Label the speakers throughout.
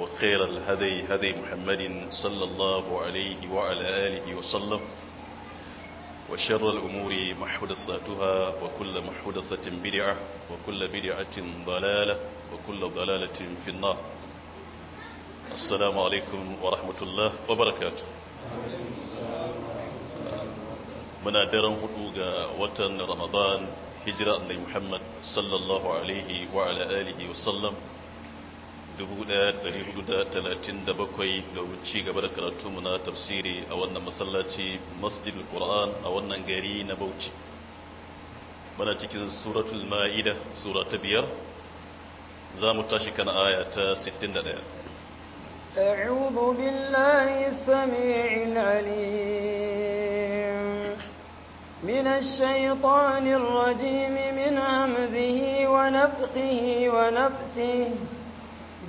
Speaker 1: وخير الهدي هدي محمد صلى الله عليه وعلى آله وسلم وشر الأمور محدثاتها وكل محدثة بدعة وكل بدعة ضلالة وكل ضلالة في النار السلام عليكم ورحمة الله وبركاته من أدرم حدوغا وطن رمضان هجرة hijira annai muhammad sallallahu alaihi wa ala alihi 1437 domin ci gaba da karatunmu na tafsiri a wannan masallaci masjidul qur'an a wannan gari na bauchi muna cikin suratul ma'ida sura ta biyar za mu tashi kan aya ta 61
Speaker 2: أعوذ بالله السميع العليم من الشيطان الرجيم من همزه ونفخه ونفثه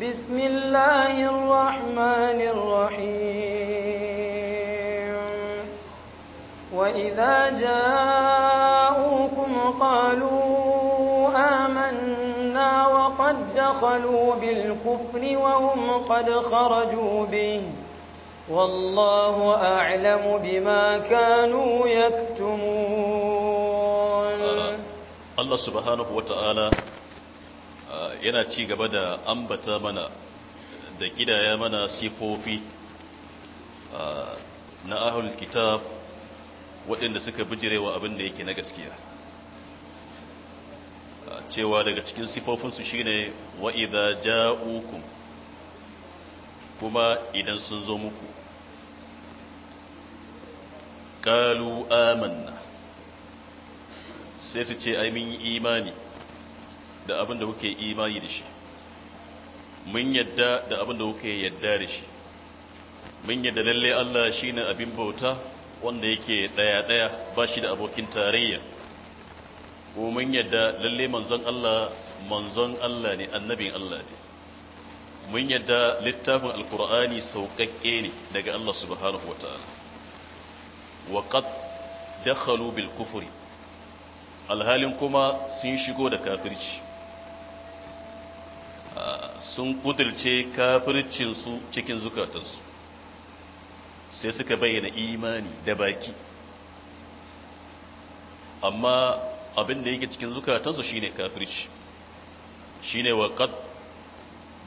Speaker 2: بسم الله الرحمن الرحيم وإذا جاءوكم قالوا آمنا وقد دخلوا بالكفر وهم قد خرجوا به والله أعلم بما كانوا يكتمون
Speaker 1: الله سبحانه وتعالى Ah, yana ci gaba da ambata mana da kidaya mana sifofi ah, na ahul kitab waɗanda suka bijirewa abin da yake na gaskiya ah, cewa daga cikin sifofinsu shine wa'iza ja'ukum kuma idan sun zo muku ƙalu amanna sai su ce ai mun imani da abin da kuke imani da shi mun yadda da abin da kuke yadda da shi mun yadda lalle Allah shine abin bauta wanda yake daya daya ba shi da abokin tarayya ko mun yadda lalle manzon Allah manzon Allah ne annabin Allah ne mun yadda littafin alkur'ani sauƙaƙe ne daga Allah subhanahu wataala wa qad dakhalu bil kufri alhalin kuma sun shigo da kafirci Ah, sun kudirce kafircinsu cikin zukatansu sai suka bayyana imani da baki amma abin da yake cikin zukatansu shine kafirci shine wa qad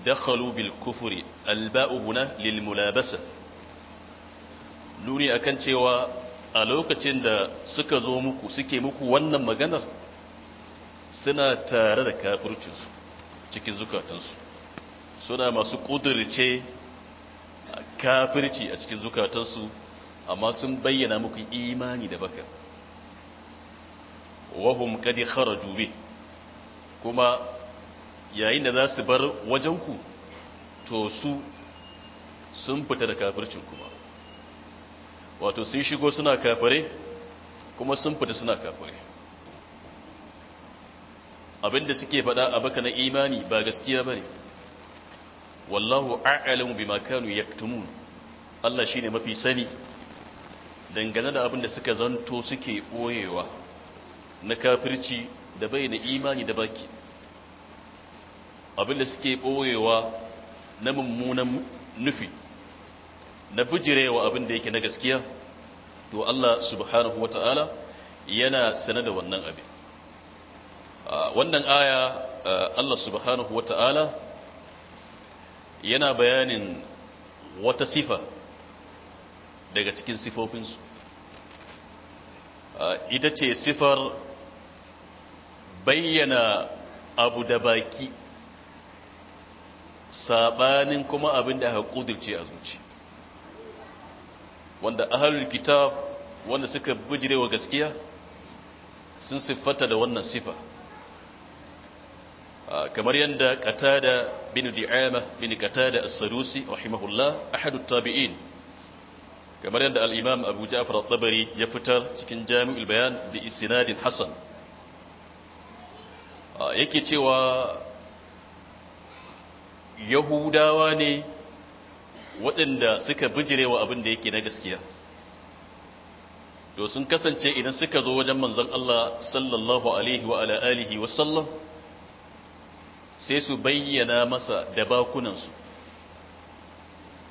Speaker 1: da bil kufuri al na nuni akan cewa a lokacin da suka zo muku suke muku wannan maganar suna tare da kafircinsu cikin zukatansu suna masu kudurce kafirci a cikin zukatansu amma sun bayyana muku imani da baka wahum kadi kharaju bi kuma yayin da za su bar wajenku to su sun fita da kafircin kuma wato sun shigo suna kafare kuma sun fita suna kafare abinda suke faɗa a baka na imani ba gaskiya ba ne wallahu a'alamu bima kanu yaktumun Allah shine mafi sani dangane da abinda suka zanto suke boyewa na kafirci da bai na imani da baki abinda suke boyewa na mummunan nufi na bujirewa abinda yake na gaskiya to Allah subhanahu wataala yana sanar da wannan abin Ah, wannan aya ah, Allah subhanahu wata'ala yana bayanin wata sifa daga cikin sifofinsu ah, ita ce sifar bayyana abu da baki sabanin kuma abin da aka kudirce a zuci wanda ahalul kitab wanda suka bijirewa gaskiya sun siffata da wannan sifa Ah, kamar yadda qatada bin di'ama bin qatada as-sadusi rahimahullah ahadu tabi'in kamar yadda al-imam abu ja'far at-tabari ya fitar cikin jami'ul bayan bi isnadin hasan ah, yake cewa yahudawa ne waɗanda suka bijirewa abin da yake na gaskiya to sun kasance idan suka zo wajen manzon Allah sallallahu alaihi wa ala alihi wa sallam sai su bayyana masa da bakunansu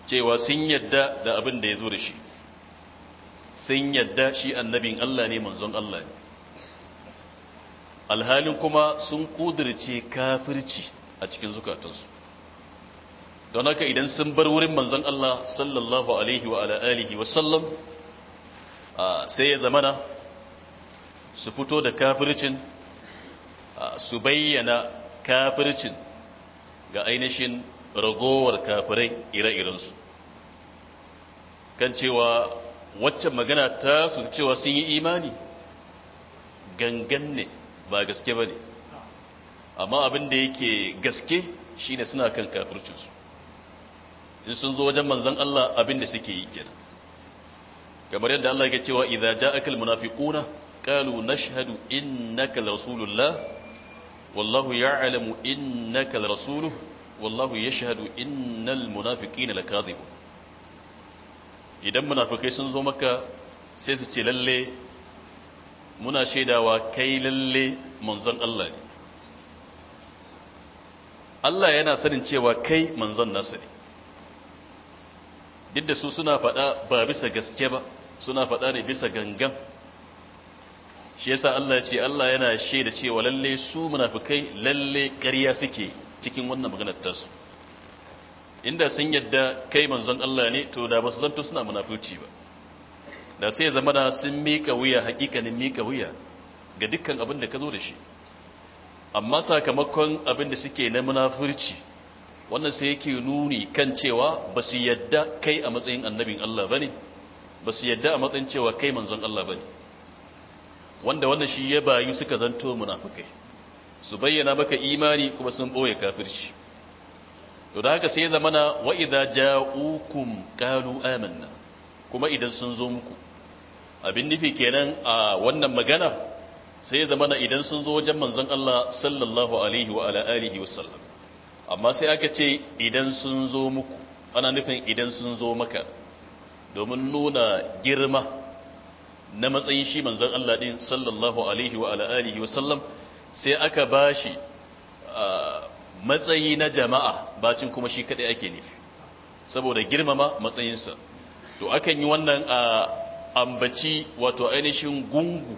Speaker 1: cewa sun yadda da abin da ya zo da shi sun yadda shi annabin Allah ne manzon Allah ne alhalin kuma sun kudurce kafirci a cikin zukatansu don haka idan sun bar wurin manzon Allah sallallahu alaihi wa alihi wa sallam sai ya zamana su fito da kafircin su bayyana kafircin ga ainihin ragowar kafirai ire-irensu kan cewa waccan magana ta su cewa sun yi imani gangan ne ba gaske ba ne amma abin da yake gaske shine suna kan kafircinsu in sun zo wajen manzan Allah abin da suke yi kenan kamar yadda Allah ya cewa idza ja'akal munafiquna qalu nashhadu innaka rasulullah wallahu ya'lamu innaka rasuluhu wallahu yashhadu innal munafiqina lakadhibun idan munafikai sun zo maka sai su ce lalle muna shaidawa kai lalle manzon Allah ne Allah yana sanin cewa kai manzon nasa ne duk da su suna faɗa ba bisa gaske ba suna faɗa ne bisa gangan shi yasa Allah ya ce Allah yana shaida cewa lalle su munafikai lalle ƙarya suke cikin wannan maganar tasu inda sun yadda kai manzon Allah ne to da ba su zanto suna munafici ba da sai zama da sun mika wuya hakikanin mika wuya ga dukkan abin da ka zo da shi amma sakamakon abin da suke na munafurci wannan sai yake nuni kan cewa ba su yadda kai a matsayin annabin Allah ba ne ba su yadda a matsayin cewa kai manzon Allah ba ne. wanda wannan shi ya bayu suka zanto munafukai su bayyana maka imani kuma sun boye kafirci to da haka sai zamana wa idza ja'ukum qalu amanna kuma idan sun zo muku abin nufi kenan a wannan magana sai zamana idan sun zo wajen manzon Allah sallallahu alaihi wa ala alihi wasallam amma sai aka ce idan sun zo muku ana nufin idan sun zo maka domin nuna girma na matsayin shi manzon Allah ɗin sallallahu alaihi wa ala wa sallam sai aka bashi matsayi na jama'a bacin kuma shi kaɗai ake nufi saboda girmama matsayinsa to akan yi wannan a ambaci wato ainihin gungu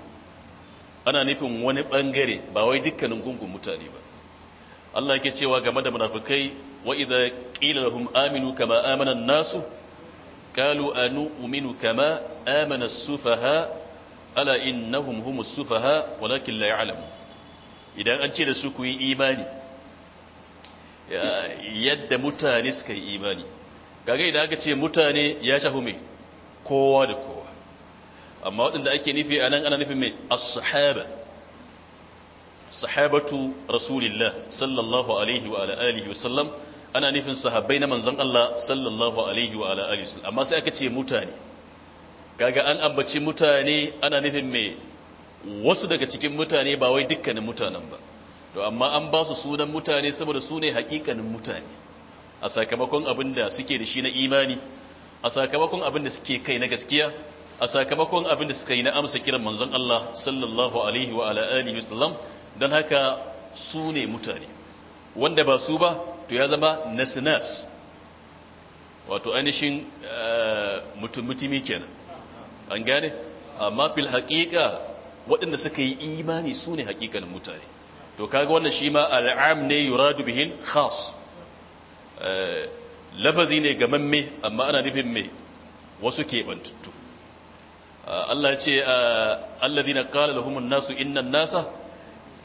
Speaker 1: ana nufin wani bangare ba wai dukkanin gungun mutane ba Allah yake cewa game da munafukai wa idza qila lahum aminu kama amana an-nasu قالوا أنؤمن كما آمن السفهاء ألا إنهم هم السفهاء ولكن لا يعلمون idan an ce da su ku yi imani yadda mutane suka yi imani gaga idan aka ce mutane ya shafi mai kowa da kowa amma waɗanda ake nufi a nan ana nufi mai as-sahaba sahabatu rasulillah sallallahu alaihi wa alihi wa sallam ana nufin sahabbai na manzon Allah sallallahu alaihi wa ala alihi amma sai aka ce mutane kaga an ambaci mutane ana nufin me wasu daga cikin mutane ba wai dukkanin mutanen ba to amma an ba su sunan mutane saboda su ne hakikanin mutane a sakamakon abin da suke da shi na imani a sakamakon abin da suke kai na gaskiya a sakamakon abin da suka yi na amsa kiran manzon Allah sallallahu alaihi wa ala alihi wasallam don haka su ne mutane wanda ba su ba wato ya zama nasinas wato ainihin eh, mutum-mutumi kenan an gane amma fil haƙiƙa waɗanda suka yi imani su ne haƙiƙanin mutane to kaga wannan shi ma al'am ne yuradu bihin khas eh, lafazi ne ga me amma ana nufin me wasu keɓantattu eh, Allah ce alladhina qala lahum an-nasu inna nasa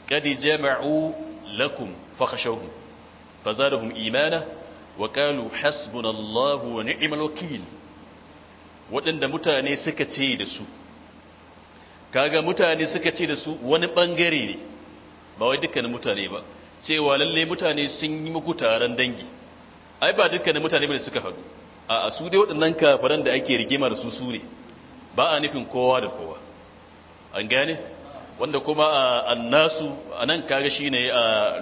Speaker 1: qad jama'u lakum fakhshawhum fazarahum imana wa qalu hasbunallahu wa ni'mal waɗanda mutane suka ce da su kaga mutane suka ce da su wani ɓangare ne ba wai dukkanin mutane ba cewa lalle mutane sun yi muku taron dangi ai ba dukkanin mutane bane suka hadu a su dai waɗannan kafiran da ake rigima da su su ne ba a nufin kowa da kowa an gane wanda kuma annasu anan kaga shine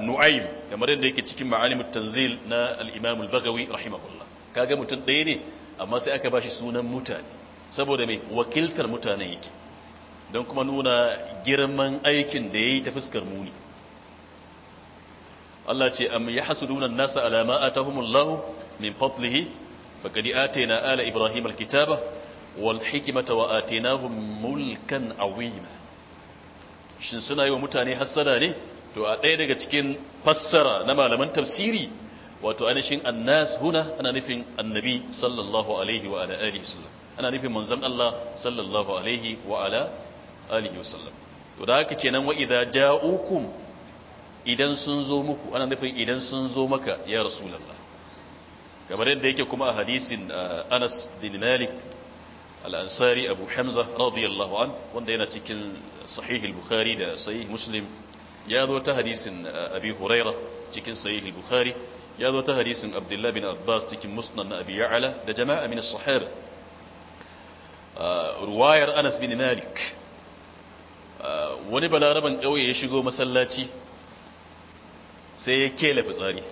Speaker 1: nu'aym kamar yadda yake cikin ma'alimut tanzil na al-imam al-bagawi rahimahullah kaga mutum ɗaya ne amma sai aka bashi sunan mutane saboda mai wakiltar mutane yake don kuma nuna girman aikin da yayi ta fuskar muni Allah ce am yahsuduna nuna nasa alama ma atahumullahu min fadlihi faqad atayna ala ibrahima alkitaba kitaba wal hikmata wa atainahum mulkan awima shin suna yi wa mutane hassada ne to a ɗaya daga cikin fassara na malaman tafsiri wato ainihin annas huna ana nufin annabi sallallahu alaihi wa alihi wasallam ana nufin manzon Allah sallallahu alaihi wa ala alihi wasallam to da haka kenan wa idza ja'ukum idan sun zo muku ana nufin idan sun zo maka ya rasulullah kamar yadda yake kuma a hadisin uh, Anas bin Malik al'ansari abu hamza radiyallahu an wanda yana cikin sahihul bukhari da sahih muslim ya zo ta hadisin uh, abi huraira cikin sahihul bukhari ya zo ta hadisin abdullahi bin abbas cikin musnad na abi ya'ala da jama'a min as-sahaba uh, ruwayar anas bin malik uh, wani balaraban ƙauye ya shigo masallaci sai ya kela fitsari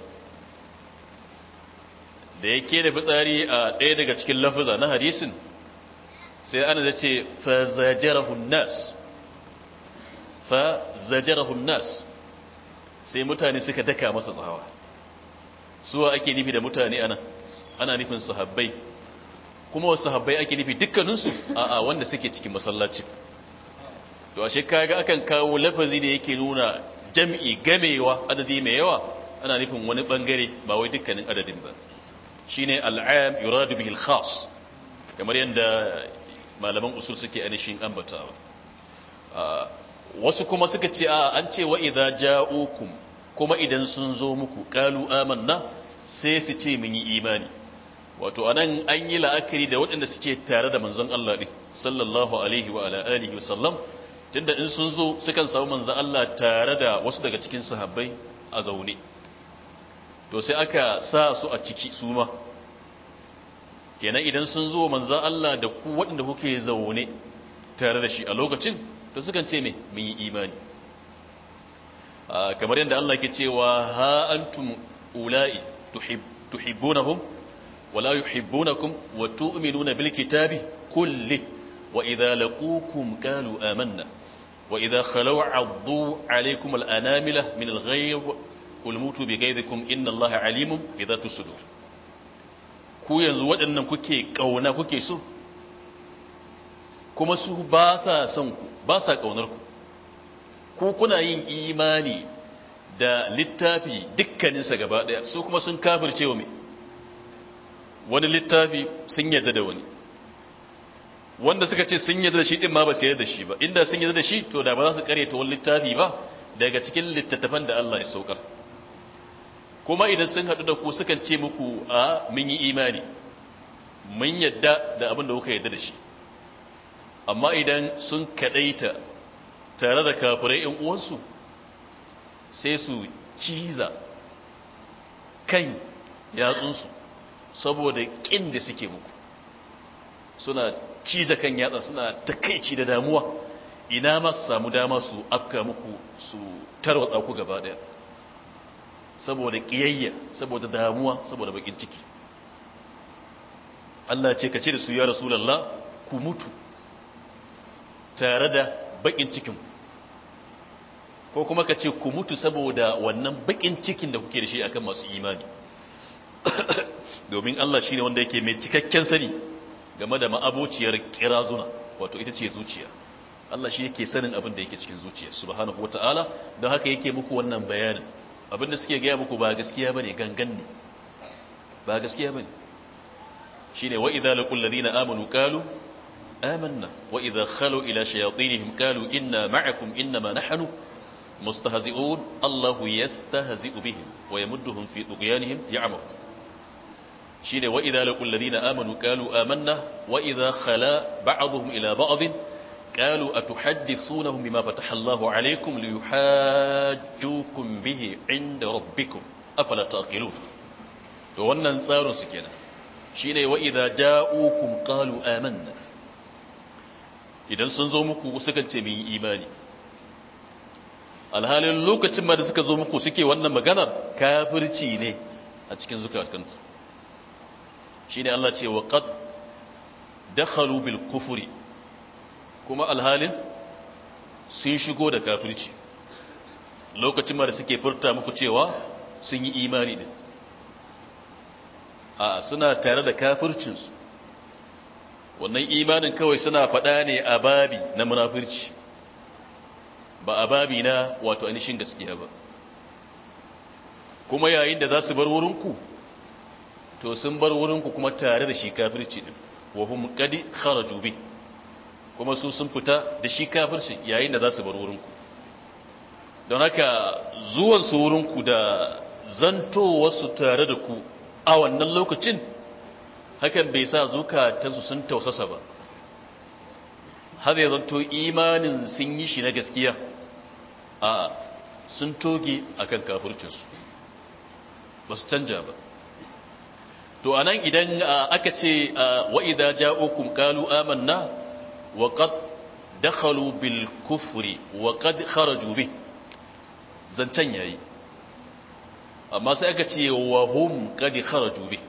Speaker 1: da ya kela fitsari a ɗaya daga cikin lafaza na hadisin sai ana da ce fa zajarahun nas fa zajarahun nas sai mutane suka daka masa tsawa suwa ake nufi da mutane ana ana nufin sahabbai kuma wasu sahabbai ake nufi dukkaninsu a a wanda suke cikin masallaci to ashe kaga akan kawo lafazi da yake nuna jam'i gamewa adadi mai yawa ana nufin wani bangare ba wai dukkanin adadin ba shine al'am yuradu bihi al-khas kamar yadda malaman usul suke ainihin ambatawa wasu kuma suka ce a an ce wa idza ja'ukum kuma idan sun zo muku kalu amanna sai su ce mun yi imani wato anan an yi la'akari da waɗanda suke tare da manzon Allah din sallallahu alaihi wa ala alihi wa sallam tunda in sun zo sukan samu manzon Allah tare da wasu daga cikin sahabbai a zaune to sai aka sa su a ciki su ma kenan idan sun zo manzan Allah da ku waɗanda kuke zaune tare da shi a lokacin to kan ce me mun yi imani ah, kamar yadda Allah ke cewa ha antum ula'i tuhibbunahum wala yuhibbunakum wa tu'minuna bil kitabi kulli wa idza laqukum qalu amanna wa idza khalaw 'addu 'alaykum al anamila min al ghayb qul mutu bi ghaydikum inna Allaha 'alimun bi dhati sudur ku yanzu waɗannan kuke ƙauna kuke so kuma su ba sa son ku ba sa ƙaunar ku ku kuna yin imani da littafi dukkaninsa gaba ɗaya su kuma sun kafirce wa mai wani littafi sun yarda da wani wanda suka ce sun yarda da shi din ma ba su yadda da shi ba inda sun yarda da shi to da ba za su kare ta wani littafi ba daga cikin littattafan da Allah ya saukar kuma idan sun haɗu da ku sukan ce muku a mun yi imani mun yadda da abin da kuka yadda da shi amma idan sun kaɗaita tare da kafirai ‘yan uwansu sai su ciza kan yatsunsu saboda ƙin da suke muku suna ciza kan yatsa suna takaici da damuwa ina masu samu dama su afka muku su tarwatsa ku gaba ɗaya saboda kiyayya saboda damuwa saboda bakin ciki Allah ce ka da su ya rasulullah ku mutu tare da bakin cikin ko kuma ka ku mutu saboda wannan bakin cikin da kuke da shi akan masu imani domin Allah shine wanda yake mai cikakken sani game da ma'abociyar kirazuna wato ita ce zuciya Allah shi yake sanin abin da yake cikin zuciya subhanahu wataala don haka yake muku wannan bayanin abinda suke gaya muku ba gaskiya bane gangan ne ba gaskiya bane shine wa idza laqul ladina amanu qalu amanna wa idza khalu ila shayatinihim qalu inna ma'akum inma nahnu mustahzi'un allah yastahzi'u bihim wa yamudduhum fi tughyanihim ya'mahu shine wa idza laqul ladina amanu qalu amanna wa idza khala ba'dhum ila ba'd قالوا أتحدثونهم بما فتح الله عليكم ليحاجوكم به عند ربكم أفلا تعقلون to wannan tsarin su kenan shine wa idza ja'ukum qalu amanna idan sun zo muku suka ce min imani alhalin lokacin ma da suka zo muku suke wannan maganar kafirci ne a cikin zukatansu shine Allah ce wa qad dakhalu bil kufri kuma alhalin sun shigo da kafirci lokacin da suke furta muku cewa sun yi imani din a suna tare da kafircinsu wannan imanin kawai suna faɗa ne a babi na munafirci ba a babi na wato anishin gaskiya ba kuma yayin da za su bar wurinku to sun bar wurinku kuma tare da shi kafirci din wa hum qad kharaju bi kuma su sun fita da shi kafirci yayin da za su bar wurinku don haka zuwan zuwansu wurinku da zantowarsu tare da ku a wannan lokacin hakan bai sa zukatansu sun tausasa ba har ya zanto imanin sun yi shi na gaskiya a sun toge akan kafircinsu ba su canja ba to anan idan aka ce wa idza ja'ukum qalu amanna wa qad dakhalu bil kufri wa qad kharaju yayi amma sai aka ce wa hum qad kharaju bi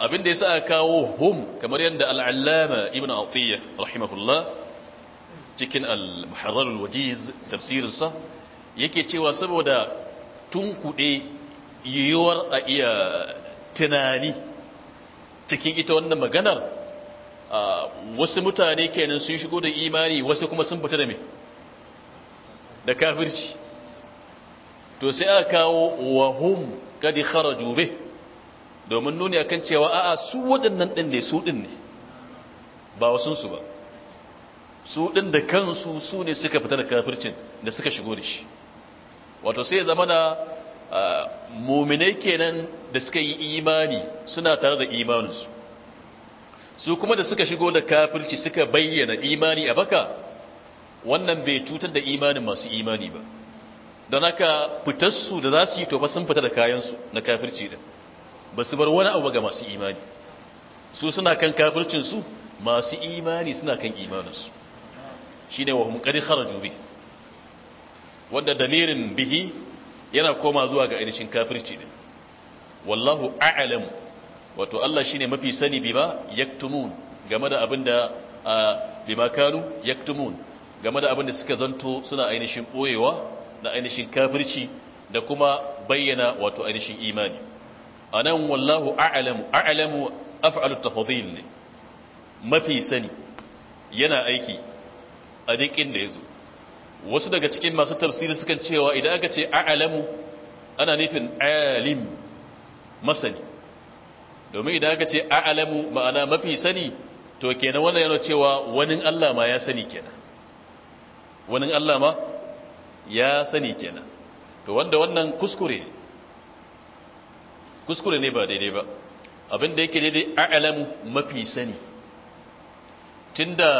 Speaker 1: abinda yasa aka kawo hum kamar yadda al-allama ibn atiyya rahimahullah cikin al-muharrar al-wajiz tafsirinsa yake cewa saboda kuɗe yiwuwar a iya tunani cikin ita wannan maganar wasu mutane kenan sun shigo da imani wasu kuma sun fita da me da kafirci to sai aka kawo wahum kadi kharaju bih domin nuni akan cewa a'a su waɗannan ɗin ne su ɗin ne ba su ba su ɗin da kansu su ne suka fita da kafircin da suka shigo da shi wato sai zama da muminai kenan da suka yi imani suna tare da imaninsu su kuma da suka shigo da kafirci suka bayyana imani a baka wannan bai cutar da imanin masu imani ba don haka fitarsu da za su yi tofa sun fita da kayansu na kafirci da ba su bar wani abu ga masu imani su suna kan kafircinsu masu imani suna kan imaninsu shi ne wa hunkari kharaju bi wanda dalilin bihi yana koma zuwa ga ainihin kafirci ne wallahu a'lamu wato Allah shi ne mafi sani bima yaktumun game da abinda bima kanu yaktumun game da abinda suka zanto suna ainihin boyewa da ainihin kafirci da kuma bayyana wato ainihin imani anan wallahu a'lamu a'lamu af'alu ne mafi sani yana aiki a dikin inda yazo wasu daga cikin masu tafsiri sukan cewa idan aka ce a'lamu ana nufin alim masani domin idan aka ce a'alamu ma'ana mafi sani to kenan wannan yana cewa wani Allah ma ya sani kenan wani Allah ma ya sani kenan to wanda wannan kuskure kuskure ne ba daidai ba abinda yake daidai a'alamu mafi sani tunda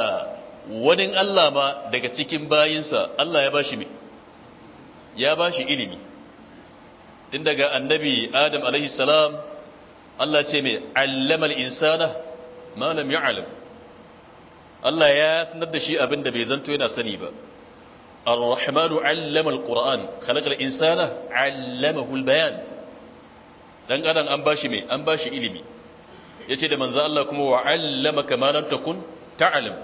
Speaker 1: wani Allah ma daga cikin bayinsa Allah ya bashi mai ya bashi ilimi tun daga annabi Adam alaihi salam Allah ce mai allamal insana malam ya ya'lam Allah ya sanar da shi abin da bai zanto yana sani ba Ar-Rahmanu allama al-Qur'an khalaqa al-insana 'allamahu al-bayan dan adam an bashi mai an bashi ilimi yace da manzo Allah kuma wa 'allamaka ma lam takun ta'lam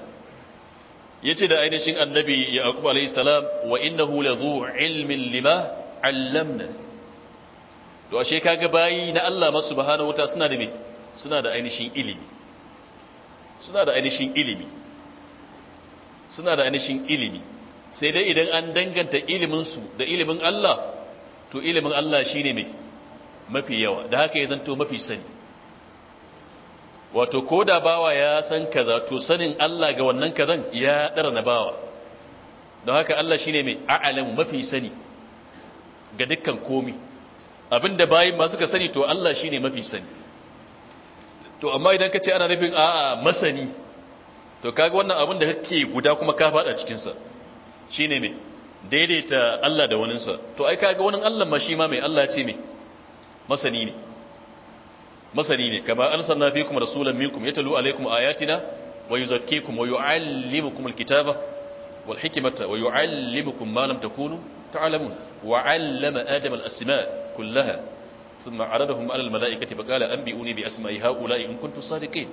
Speaker 1: yace da ainihin annabi Yaqub alayhi salam wa innahu ladhu 'ilmin lima 'allamna to ashe kaga bayi na Allah subhanahu wata suna da me suna da ainihin ilimi suna da ainihin ilimi suna da ainihin ilimi sai dai idan an danganta ilimin su da ilimin Allah to ilimin Allah shine me mafi yawa da haka ya zanto mafi sani wato ko da bawa ya san kaza to sanin Allah ga wannan kazan ya dara na bawa don haka Allah shine mai a'alamu mafi sani ga dukkan komi Abin da bayin masu ka sani to Allah shi ne mafi sani to amma idan ka ce ana nufin a'a masani to kaga wannan abin da kake guda kuma ka fada cikinsa sa shine me daidaita Allah da waninsa to ai kaga wani Allah ma shi ma mai Allah ce mai masani ne masani ne kama arsalna fikum rasulan minkum yatalu alaykum ayatina wa yuzakkikum wa yuallimukum alkitaba wal hikmata wa yuallimukum ma lam takunu ta'lamun wa 'allama adama al-asma' كلها ثم عرضهم على الملائكة فقال أنبئوني بأسماء هؤلاء إن كنتم صادقين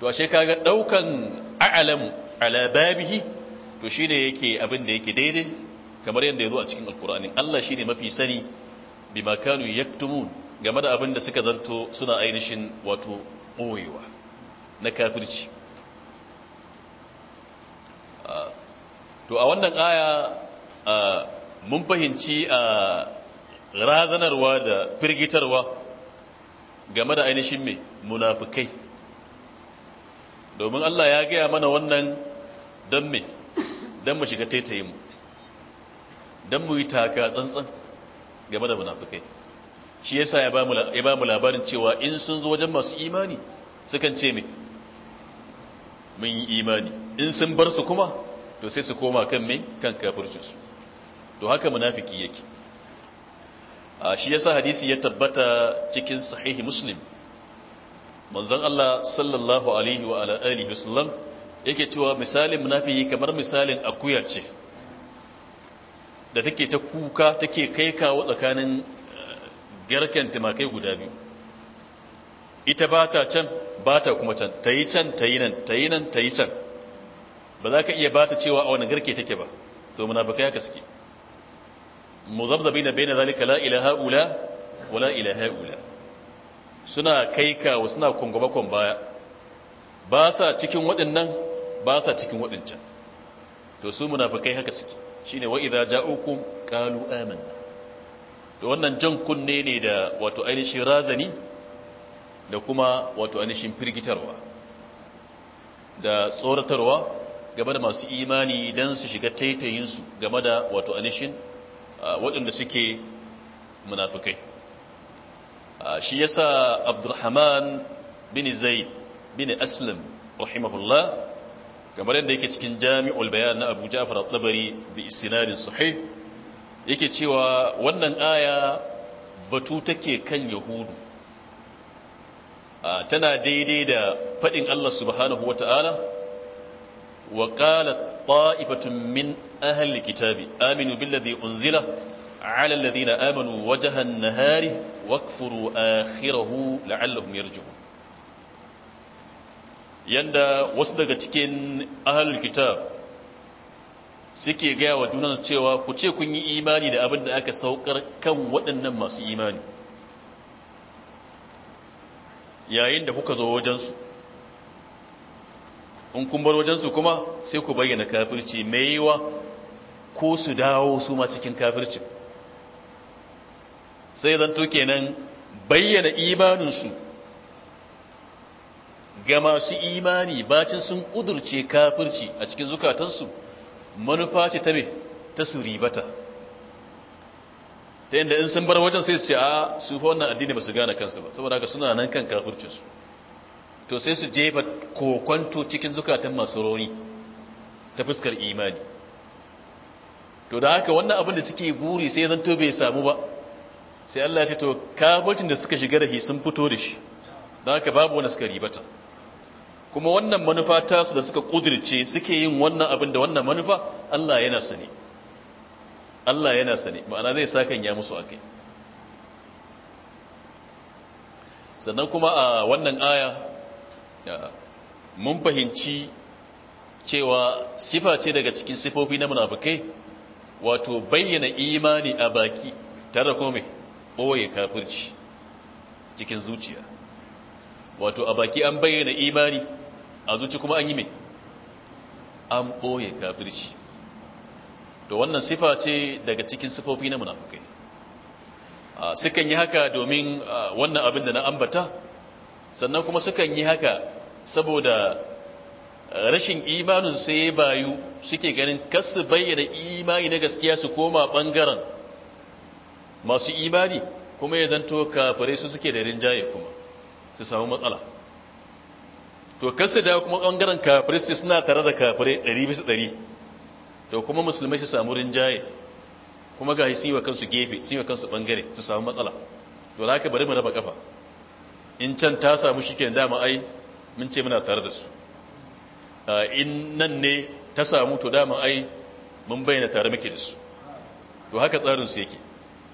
Speaker 1: to ashe kaga daukan a'lamu ala babihi to shine yake abin da yake daidai kamar yadda yazo a cikin alqur'ani Allah shine mafi sani bima kanu yaktumun game da abin da suka zarto suna ainishin wato boyewa na kafirci to a wannan aya mun fahimci a razanarwa da firgitarwa game da ainihin mai munafukai domin Allah ya gaya mana wannan don mai don mu shiga taitaye mu don mu yi taka tsantsan game da munafukai shi yasa ya ba mu labarin cewa in sun zo wajen masu imani sukan ce mai mun yi imani in sun bar su kuma to sai su koma kan mai kan kafircinsu to haka munafiki yake Ah, shi yasa hadisi ya tabbata cikin sahihi muslim manzon Allah sallallahu alaihi wa ala alihi wasallam yake cewa misalin munafiki kamar misalin akuya ce da take ta kuka take kai kawo tsakanin eh, garken timakai guda biyu ita ba ta can ba ta kuma can ta yi can ta yi nan ta yi nan ta yi can ba za ka iya ba ta cewa a wani garke take ba to munafikai haka suke muzabzabina bayna zalika la ilaha ula wala ilaha ula suna kaika wa suna kungubakon baya ba sa cikin waɗannan ba sa cikin waɗancan to su munafikai haka suke shine wa idza ja'ukum qalu amanna to wannan jan kunne ne da wato ainihin razani da kuma wato ainihin firgitarwa da tsoratarwa game da masu imani don su shiga taitayinsu game da wato ainihin Uh, waɗanda suke munafikai uh, shi yasa abdurrahman bin zaid bin aslam rahimahullah kamar yadda yake cikin jami'ul bayan na abu ja'far al-tabari bi isnadin sahih yake cewa wannan aya batu take kan yahudu uh, tana daidai da fadin Allah subhanahu wata'ala wa qalat طائفة من أهل الكتاب آمنوا بالذي أنزله على الذين آمنوا وجه النهار واكفروا آخره لعلهم يرجعون yanda wasu daga cikin ahalul kitab suke gaya wa junan cewa ku ce kun yi imani da abin da aka saukar kan waɗannan masu imani yayin da kuka zo wajensu in kun bar wajensu kuma sai ku bayyana kafirci mai yiwa ko su dawo su ma cikin kafircin sai zan zanto kenan bayyana imaninsu ga masu imani bacin sun kudurce kafirci a cikin zukatansu manufa ce ta me ta ribata. ta inda in sun bar wajen sai su ce a su fa wannan addini ba su gane kansu ba saboda haka suna nan kan kafircinsu to sai su jefa kokonto cikin zukatan masu rauni ta fuskar imani to da haka wannan abin da suke buri sai zan to bai samu ba sai Allah ce to kafircin da suka shiga rahi sun fito da shi da haka babu wani suka ribata kuma wannan manufa ta su da suka kudirce suke yin wannan abin da wannan manufa Allah yana sani Allah yana sani ma'ana zai sa kan ya musu akai sannan kuma a wannan aya mun fahimci cewa sifa ce daga cikin sifofi na munafikai wato bayyana imani a baki tare kuma mai ɓoye kafirci cikin zuciya wato a baki an bayyana imani a zuci kuma an yi mai an ɓoye kafirci to wannan sifa ce daga cikin sifofi na munafikai sukan yi haka domin wannan abin da na ambata sannan kuma sukan yi haka saboda rashin imanin sai bayu suke ganin kasu bayyana imani na gaskiya su koma bangaren masu imani kuma ya zanto kafare su suke da rinjaye kuma su samu matsala to kasu da kuma bangaren kafirai su suna tare da kafirai 100% to kuma musulmai su samu rinjaye kuma ga yi wa kansu gefe sun wa kansu bangare su samu matsala to da haka bari mu raba kafa in can ta samu shi kenan dama ai mun ce muna tare da su in nan ne ta samu to dama ai mun bayyana tare muke da su to haka tsarin su yake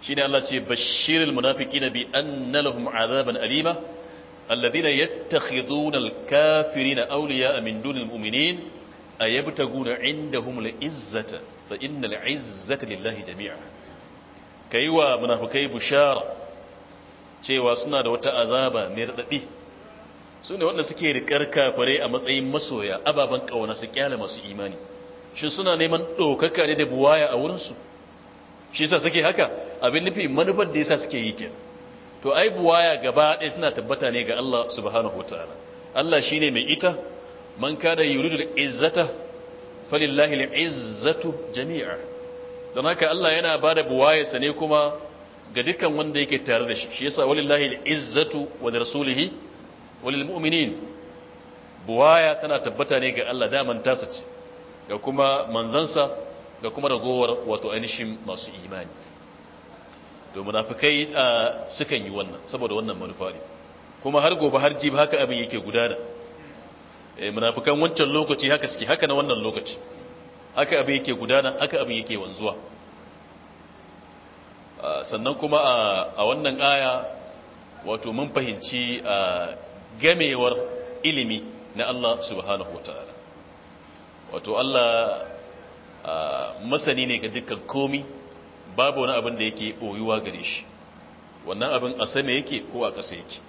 Speaker 1: shine Allah ce bashirul munafikina bi anna lahum azaban alima alladhina yattakhiduna al-kafirina awliya'a min dunil mu'minin ayabtaguna indahum al fa innal izzata lillahi jami'a kaiwa munafikai bushara cewa suna da wata azaba mai raɗaɗi su ne wanda suke riƙar kafare a matsayin masoya ababen ƙauna su ƙyale masu imani shi suna neman ɗaukaka ne da buwaya a wurinsu shi sa suke haka abin nufi manufar da yasa suke yi ke to ai buwaya gaba ɗaya suna tabbata ne ga Allah subhanahu wataala Allah shine mai ita man kada yuridu izzata falillahi al-izzatu jami'a don haka Allah yana ba da buwayarsa ne kuma ga dukkan wanda yake tare da shi shi yasa walillahi izzatu wa rasulihi walil mu'minin buwaya tana tabbata ne ga Allah daman tasa ce ga kuma manzansa ga kuma ragowar wato ainihin masu imani to munafikai sukan yi wannan saboda wannan manufa ne kuma har gobe har jibi haka abin yake gudana eh, munafikan wancan lokaci haka suke haka na wannan lokaci haka abin yake gudana haka abin yake wanzuwa Ah, sannan kuma a wannan aya wato mun fahimci ah, gamewar ilimi na Allah subhanahu wa ta'ala wato Allah ah, masani ne ga dukkan komi babu wani abin da yake boyuwa gare shi wannan abin a sama yake ko a ƙasa yake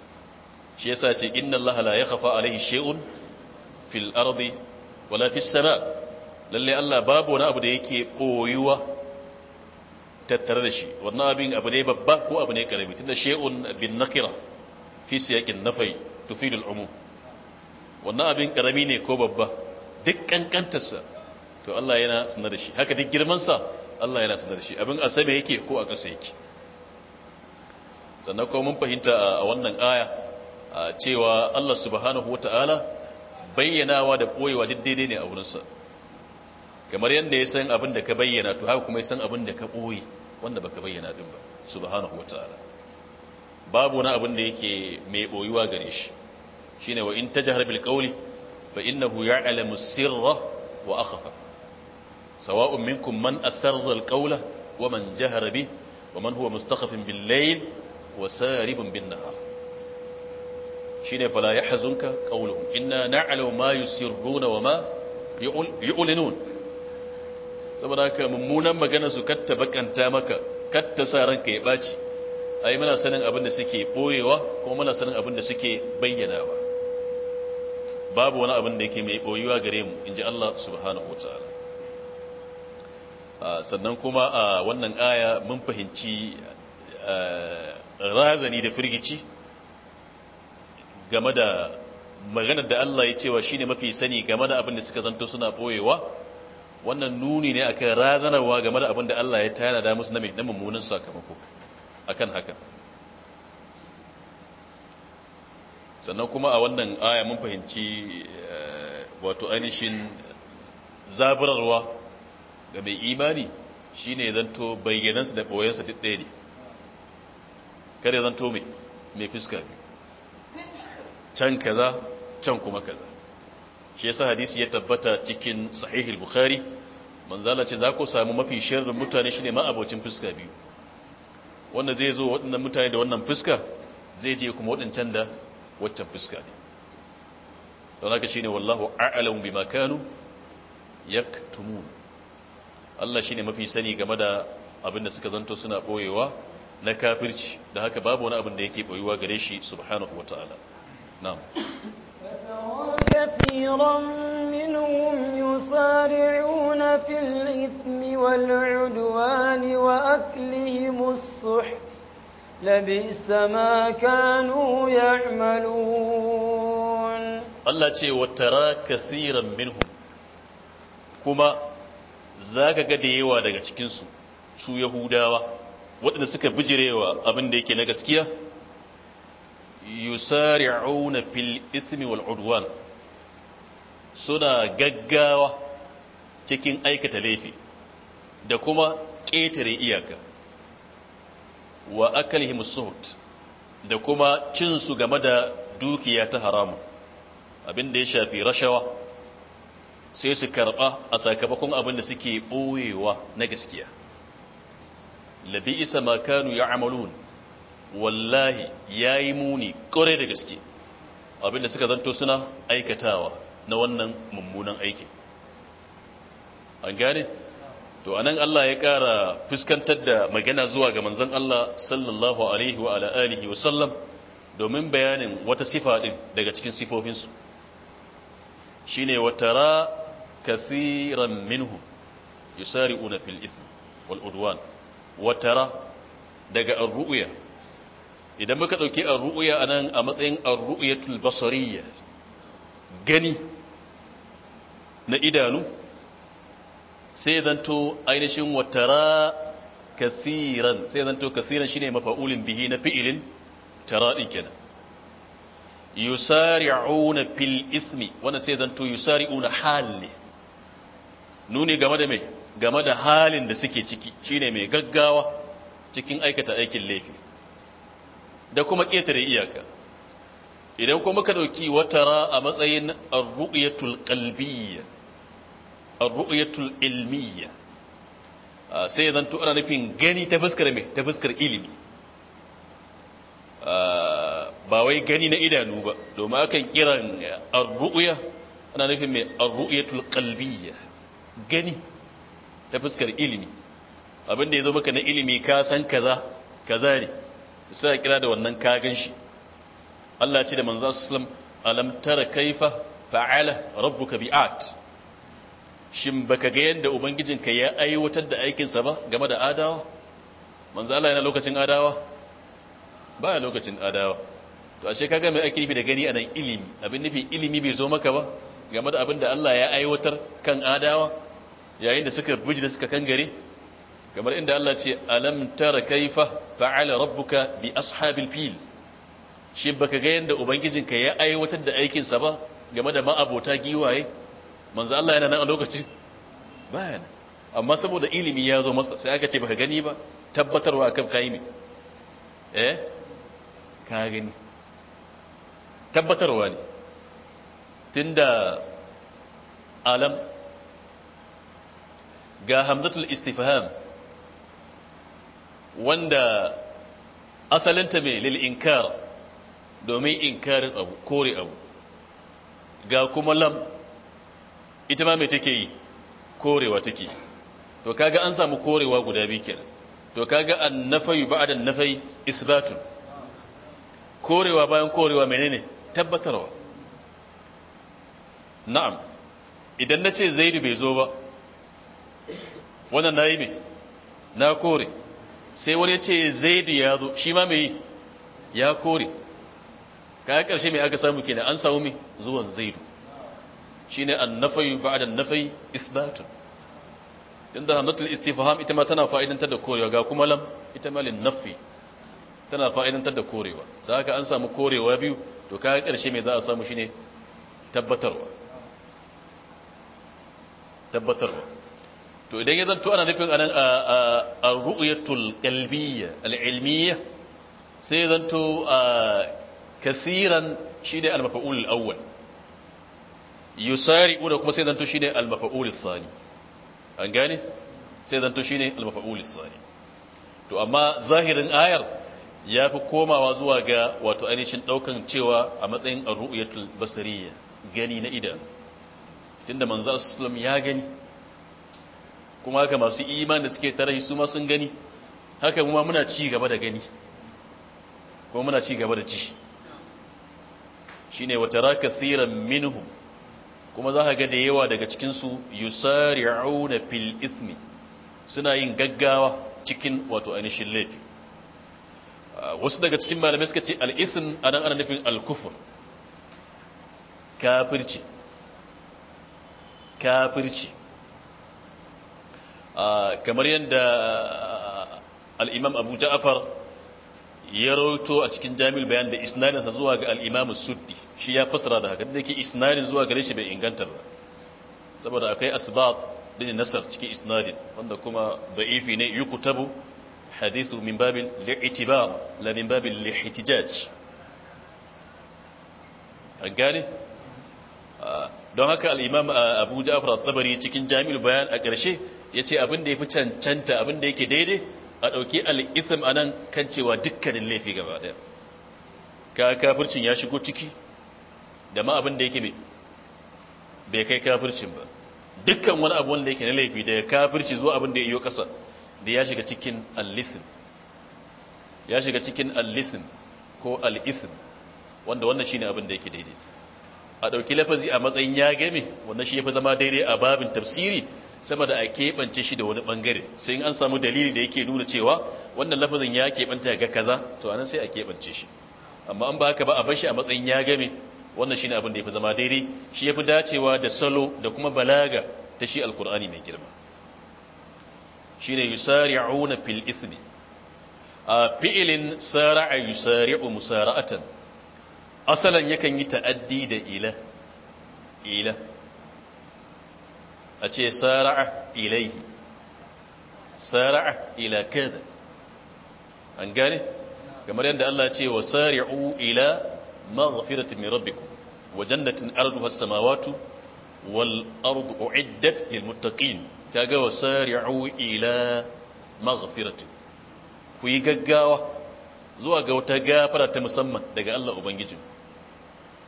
Speaker 1: shi yasa ce inna Allah la yakhfa alaihi shay'un fil ardi wala fis sama lalle Allah babu wani abu da yake boyuwa tattare da shi wannan abin abu ne babba ko abu ne karami tunda shay'un bin nakira fi siyaqin nafai tufidul umum wannan abin karami ne ko babba duk kankantarsa to Allah yana sanar da shi haka duk girman sa Allah yana sanar da shi abin a sama yake ko a ƙasa yake sannan kuma mun fahimta a wannan aya cewa Allah subhanahu wata'ala bayyanawa da koyewa duk daidai ne a wurinsa kamar yadda ya san abin da ka bayyana to haka kuma ya san abin da ka koyi wanda baka bayyana din ba subhanahu wataala babu wani abin da yake mai boyuwa gare shi shine wa in tajhar bil qawli fa innahu ya'lamu sirra wa akhfa sawa'un minkum man asarra al qawla wa man jahara bi wa man huwa mustakhfin bil layl wa saribun bin nahar shine fala yahzunka qawluhum inna na'lamu ma yusirruna wa ma yu'linun saboda haka mummunan magana su katta bakanta maka katta sa ranka ya baci ai muna sanin abin da suke boyewa kuma muna sanin abin da suke bayyanawa babu wani abin da yake mai boyewa gare mu inji Allah subhanahu wataala ah, sannan kuma a ah, wannan aya mun fahimci ah, razani da firgici game da maganar da Allah ya cewa shine mafi sani game da abin da suka zanto suna boyewa wannan nuni ne akan razanarwa game da abin da Allah ya tayar da musu na mummunan sakamako akan haka sannan kuma a wannan aya mun fahimci eh, wato ainihin zaburarwa ga mai imani shine zanto bayyanansa da boyensa duk ɗaya kare zanto mai mai fiska can kaza can kuma kaza shi yasa hadisi ya tabbata cikin sahihul bukhari manzala ce za ku samu mafi sharrin mutane shine ma abocin fuska biyu wanda zai zo waɗannan mutane da wannan fuska zai je kuma waɗancan da waccan fuska ne don haka shine wallahu a'lam bima kanu yaktumun Allah shine mafi sani game da abin da suka zanto suna boyewa na kafirci da haka babu wani abin da yake boyewa gare shi subhanahu wataala na'am
Speaker 2: كثيرا منهم يسارعون في الإثم والعدوان وأكلهم السحت لبئس ما كانوا يعملون
Speaker 1: الله ce watara kathiran minhum kuma zaka ga da yawa daga cikin su su yahudawa waɗanda suka bijirewa abin da yake na gaskiya yusari'una fil ithmi wal udwan suna gaggawa cikin aikata laifi da kuma ƙetare iyaka wa akalihim suhut da kuma cinsu game da dukiya ta haramu abinda ya shafi rashawa sai su karɓa a sakamakon abinda suke ɓoyewa na gaskiya labi isa makanu ya amalun wallahi ya yi muni ƙore da gaske abin da suka zanto suna aikatawa na wannan mummunan aiki an gane to anan Allah ya kara fuskantar da magana zuwa ga manzon Allah sallallahu alaihi wa ala alihi wa sallam domin bayanin wata sifa din daga cikin sifofinsu shine watara kathiran minhum yusari'una fil ithm wal udwan watara daga ar idan muka dauki ar anan a matsayin ar-ru'yatul basariyya gani na idanu sai zanto ainihin watara kathiran sai zanto kathiran shine mafa'ulin bihi na fi'ilin tara'i kenan yusari'una fil ismi wannan sai zanto yusari'una hali nuni game da mai game da halin da suke ciki shine mai gaggawa cikin aikata aikin laifi da kuma ƙetare iyaka idan kuma ka dauki watara a matsayin ar-ru'yatul ar-ru'yatul ilmiyya ah, sai zan to ana nufin gani ta fuskar me ta fuskar ilimi ah, ba wai gani na idanu ba domin akan kiran ar-ru'ya ana nufin me ar-ru'yatul qalbiyya gani ta fuskar ilimi abinda yazo maka na ilimi ka san kaza kaza ne sai kira da wannan ka ganshi Allah ce da manzo sallallahu alaihi wasallam alam tara kaifa fa'ala rabbuka bi'at shin baka ga yadda ubangijinka ya aiwatar da aikinsa ba game da adawa manzo Allah yana lokacin adawa ba ya lokacin adawa to ashe kaga mai aiki nufi da gani anan ilimi abin nufi ilimi bai zo maka ba game da abin da Allah ya aiwatar kan adawa yayin da suka bujira suka kangare kamar inda Allah ce alam tara kaifa fa'ala rabbuka bi ashabil fil shin baka ga yadda ubangijinka ya aiwatar da aikinsa ba game da ma'abota giwaye manzo Allah yana nan a lokacin baya nan amma saboda ilimi ya zo masa sai aka ce baka gani ba tabbatarwa akan kaimi eh ka gani tabbatarwa ne tunda alam ga hamzatul istifham wanda asalinta mai lil inkar domin inkarin abu kore abu ga kuma lam ita ma mai take yi korewa take to kaga an samu korewa guda biyu kenan to kaga annafai ba'da annafai isbatun korewa bayan korewa menene tabbatarwa na'am idan nace zaidu bai zo ba wannan nayi me na kore sai wani ya ce zaidu ya zo shi ma mai ya kore kaya ƙarshe mai aka samu kenan an samu mai zuwan zaidu Shi shine annafai nafai isbatu din da hannatul istifaham ita ma tana fa'idantar da korewa ga kuma lam ita ma linnafi tana fa'idantar da korewa da haka an samu korewa biyu to kaga karshe me za a samu shi ne tabbatarwa tabbatarwa to idan ya zanto ana nufin anan a ru'uyatul ƙalbiya al’ilmiya sai sai zanto kasiran ne al mafaul awwal yusari'u da kuma sai zanto shine al-maf'ul ath an gane sai zanto shine al-maf'ul ath to amma zahirin ayar ya fi komawa zuwa ga wato ainihin daukan cewa a matsayin ar-ru'yatul basariyya gani na idan tunda manzo sallam ya gani kuma haka masu imani da suke tarihi su ma sun gani haka kuma muna ci gaba da gani kuma muna ci gaba da ci shine wa tara kathiran minhum kuma za ka ga da yawa daga cikinsu yusari'una fil ismi suna yin gaggawa cikin wato ainihin laifi ah, wasu daga cikin malamai suka ce al'isin a nan ana nufin alkufur kafirci kafirci ah, kamar yadda ah, al'imam abu ja'afar ya rauto a cikin jami'ul bayan da isnadinsa zuwa ga al'imamin suddi shi ya fasara da haka da ke isnadin zuwa gare shi bai inganta ba saboda akwai asbab din nasar cikin isnadin wanda kuma da'ifi ne tabu hadisu min babin li'tibar la min babin lihtijaj an gane don haka al-imam Abu Ja'far at-Tabari cikin Jami'ul Bayan a ƙarshe yace abin da yafi cancanta abin da yake daidai a ɗauki al-ithm anan kan cewa dukkanin laifi gaba daya ka kafircin ya shigo ciki da ma abin da yake bai kai kafircin ba dukkan wani abu wanda yake na laifi daga kafirci zuwa abin da ya yiwu ƙasa da ya shiga cikin al ya shiga cikin al ko al-ism wanda wannan shi ne abin da yake daidai a ɗauki lafazi a matsayin ya game wannan shi ya fi zama daidai a babin tafsiri sama da a keɓance shi da wani ɓangare sai an samu dalili da yake nuna cewa wannan lafazin ya keɓanta ga kaza to anan sai a keɓance shi amma an ba haka ba a bashi a matsayin ya game wannan shine abin da yafi zama daidai shi yafi dacewa da salo da kuma balaga ta shi alkur'ani mai girma shine yusari'una fil ithmi a fi'ilin sara'a yusari'u musara'atan asalan yakan yi ta'addi da ila ila a ce sara'a ilaihi sara'a ila kada an gane kamar yadda Allah ce wa sari'u ila maghfiratin min rabbikum wa jannatin arduha as-samawati wal ardu uiddat lil muttaqin kaga wasari'u ila maghfiratin ku yi gaggawa zuwa gauta wata gafara ta musamman daga Allah ubangiji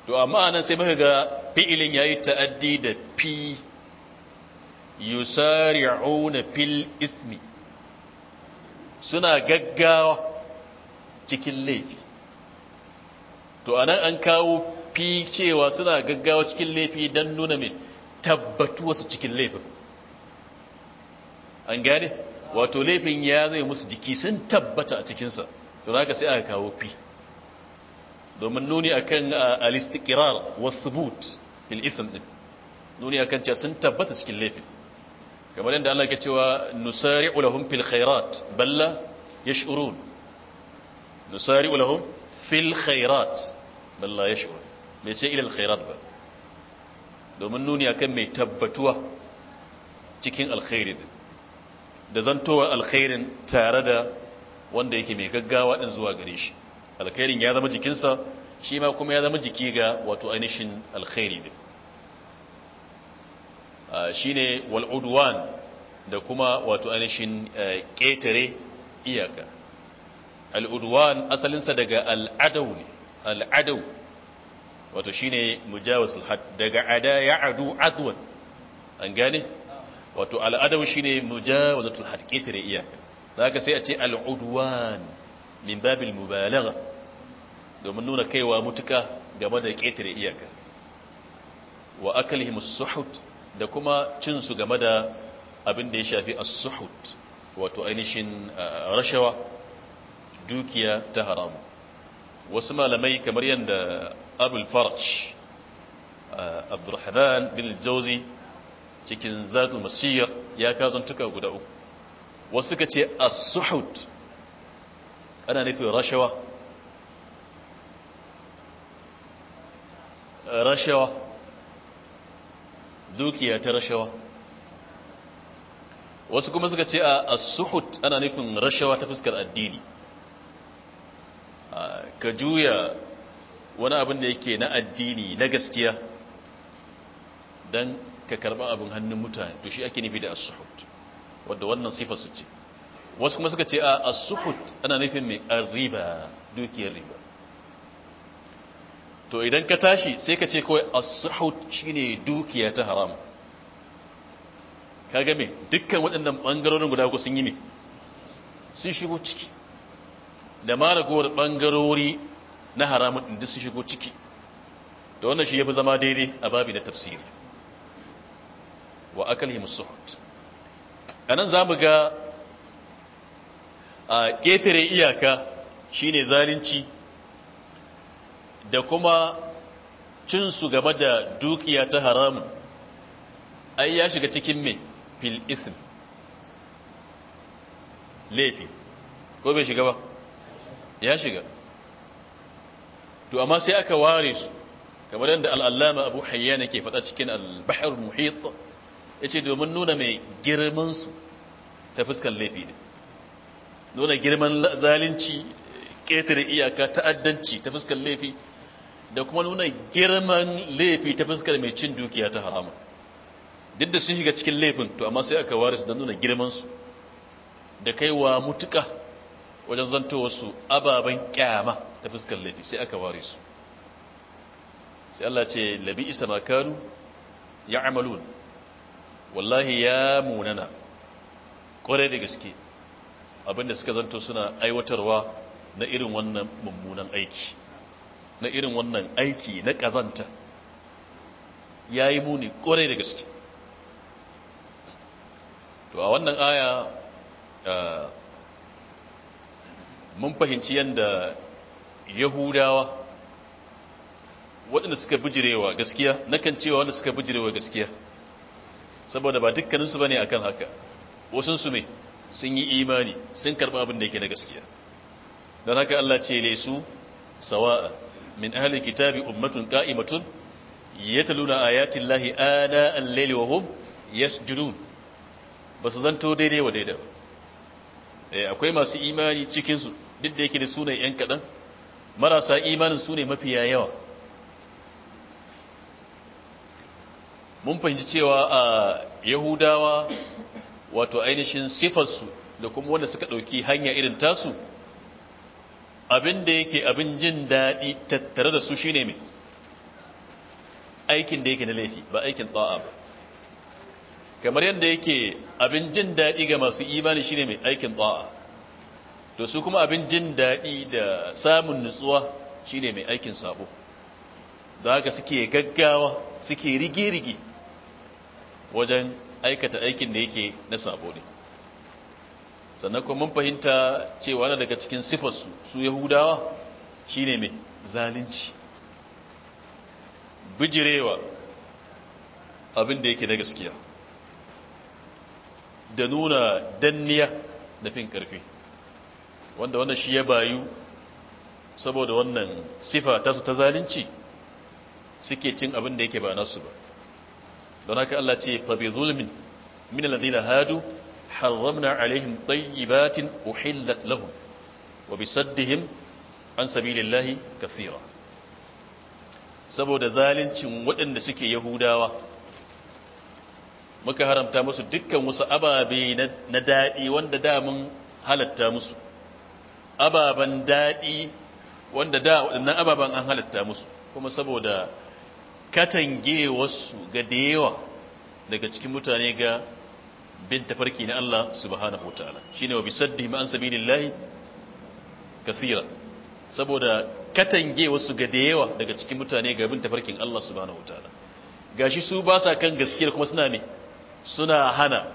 Speaker 1: to amma anan sai muka ga fi'ilin yayi ta'addi da fi yusari'una fil ismi suna gaggawa cikin laifi to anan an kawo fi cewa suna gaggawa cikin laifi don nuna mai tabbatuwa su cikin laifin an gane wato laifin ya zai musu jiki sun tabbata a cikinsa to ka sai aka kawo fi domin nuni akan alistikirar wasu but il'isim din nuni akan cewa sun tabbata cikin laifin kamar yadda Allah ke cewa nusari'u lahum fil khairat balla yash'urun nusari'u lahum fil khairat balla ya shi'un mai ce ilal khairat ba domin nuni akan mai tabbatuwa cikin alkhairi da zantowar alkhairin tare da wanda yake mai gaggawa din zuwa gare shi alkhairin ya zama jikinsa shi ma kuma ya zama jiki ga wato ainihin alkhairi din shine wal'udwan da kuma wato ainihin ketare eh, iyaka al'udwan asalinsa daga al'adau ne al'adau wato shine mujawaz al-had daga ada ya adu adwan an gane wato al'adau shine mujawazatul had ketare iyaka zaka sai a ce al'udwan min babil mubalagha domin nuna kaiwa mutuka game da ketare iyaka wa akalihim as-suhut da kuma cinsu su game da abin da ya shafi as-suhut wato ainihin rashawa dukiya ta haramu wasu malamai kamar yadda abul faraj abdurrahman bin jauzi cikin zatul masir ya tuka guda uku wasu ka ce as-suhud ana nufin rashawa rashawa dukiya ta rashawa wasu kuma suka ce a as-suhud ana nufin rashawa ta fuskar addini ka juya wani abin da yake na addini na gaskiya don ka karba abin hannun mutane to shi ake nufi da asuhut wadda wannan sifar su ce wasu kuma suka ce a asuhut ana nufin mai riba dukiyar riba to idan ka tashi sai ka ce kawai asuhut shi shine dukiya ta haram ka game dukkan waɗannan ɓangarorin guda ku sun yi ne sun shigo ciki da ma bangarori ɓangarori na haramun inda su shigo ciki da wannan shi ya fi zama daidai a babi na tafsiri wa akali musuhut a nan za mu ga a ƙetare iyaka shine zalunci da kuma cin su gaba da dukiya ta haramun ai ya shiga cikin mai fil isin laifi ko bai shiga ba ya shiga to amma sai aka ware su kamar yadda al'allama abu hayyana ke fada cikin al-bahar muhit ya ce domin nuna mai su ta fuskar laifi ne nuna girman zalunci ƙetare iyaka ta'addanci ta fuskar laifi da kuma nuna girman laifi ta fuskar mai cin dukiya ta harama duk da sun shiga cikin laifin to amma sai aka ware su don nuna girmansu da kaiwa mutuka wajen zantowa su ababen kyama ta fuskar laifi sai aka ware su sai Allah ce labi isa makaru ya amalun wallahi ya munana kwarai da gaske abinda suka zanto suna aiwatarwa na irin wannan mummunan aiki na irin wannan aiki na kazanta ya yi muni kwarai da gaske to a wannan aya ah, mun fahimci yadda yahudawa waɗanda suka bijirewa gaskiya kan cewa waɗanda suka bijirewa gaskiya saboda ba dukkaninsu ba ne a kan haka wasunsu mai sun yi imani sun karɓi abin da yake na gaskiya don haka Allah ce le su sawa'a min ahli kitabi ummatun qa'imatun yataluna ayatin lahi ana al-layli wa hum yasjudun basu zanto daidai wa daidai Eh, akwai masu imani cikinsu duk da yake da sunan ‘yan kaɗan marasa imanin su ne mafiya yawa mun fahimci cewa a yahudawa wato ainihin sifarsu da kuma wanda suka ɗauki hanya irin tasu abin da yake abin jin daɗi tattare da su shine mai aikin da yake na laifi ba aikin ta'a ba kamar yadda yake abin jin daɗi ga masu imani shine mai aikin ba'a to su kuma abin jin daɗi da samun nutsuwa shine mai aikin sabo don haka suke gaggawa suke rige-rige wajen aikata aikin da yake na sabo ne sannan kuma mun fahimta cewa na daga cikin sifarsu su yahudawa shine mai zalunci bijirewa abin da yake na gaskiya da nuna danniya da fin karfi wanda wannan shi ya bayu saboda wannan sifa tasu ta zalunci suke cin abin da yake ba nasu ba don haka Allah ce fa bi zulmin min alladhina hadu harramna alaihim tayyibatin uhillat lahum wa bi saddihim an sabilillahi kathira saboda zalincin waɗanda suke yahudawa muka haramta musu dukkan wasu ababe na daɗi wanda da mun halatta musu ababen daɗi wanda da waɗannan ababen an halatta musu kuma saboda katange wasu ga da yawa daga cikin mutane ga bin tafarki na Allah subhanahu wa ta'ala ne wa bisaddi ma'an an sabilillahi kasira saboda katange wasu ga da yawa daga cikin mutane ga bin tafarkin Allah subhanahu wa ta'ala gashi su ba sa kan gaskiya kuma suna ne suna hana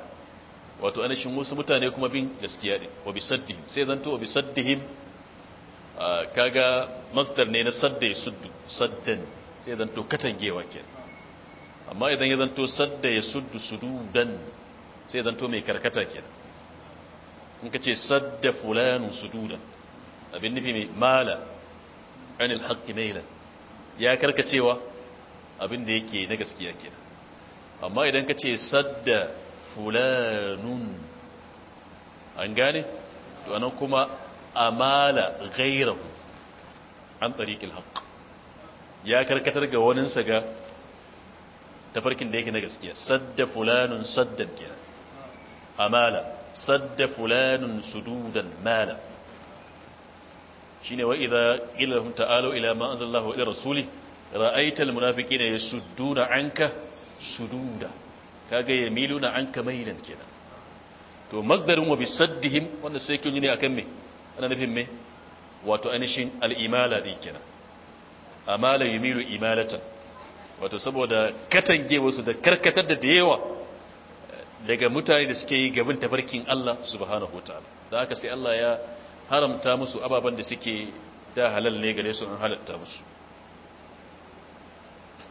Speaker 1: wato anashin wasu mutane kuma bin gaskiya din wa bisaddihim sai zanto wa bisaddihim kaga masdar ne na sadda ya suddu saddan sai zanto katangewa kenan amma idan ya zanto sadda ya suddu sududan sai zanto mai karkata kenan in kace sadda fulanu sududan abin nufi mai mala anil haqqi mailan ya karkacewa abin da yake na gaskiya kenan amma idan ka ce sadda fulanun an gane to anan kuma amala ghairahu an tariqil haqq ya karkatar ga waninsa ga tafarkin da yake na gaskiya sadda fulanun saddan kira. amala sadda fulanun sududan mala shine wa idza qila lahum ta'alu ila ma anzalallahu ila rasuli ra'aita almunafiqina yasudduna anka sududa kaga yamiluna an kamailan kenan to masdarin wa bisaddihim wanda sai kin ne akan me ana nufin me wato anishin al-imala din kenan amala yamilu imalatan wato saboda katange wasu da karkatar da yawa eh, daga mutane da suke yi gaban tafarkin Allah subhanahu wataala da haka sai Allah ya haramta musu ababen da suke da halal ne gare su an halatta musu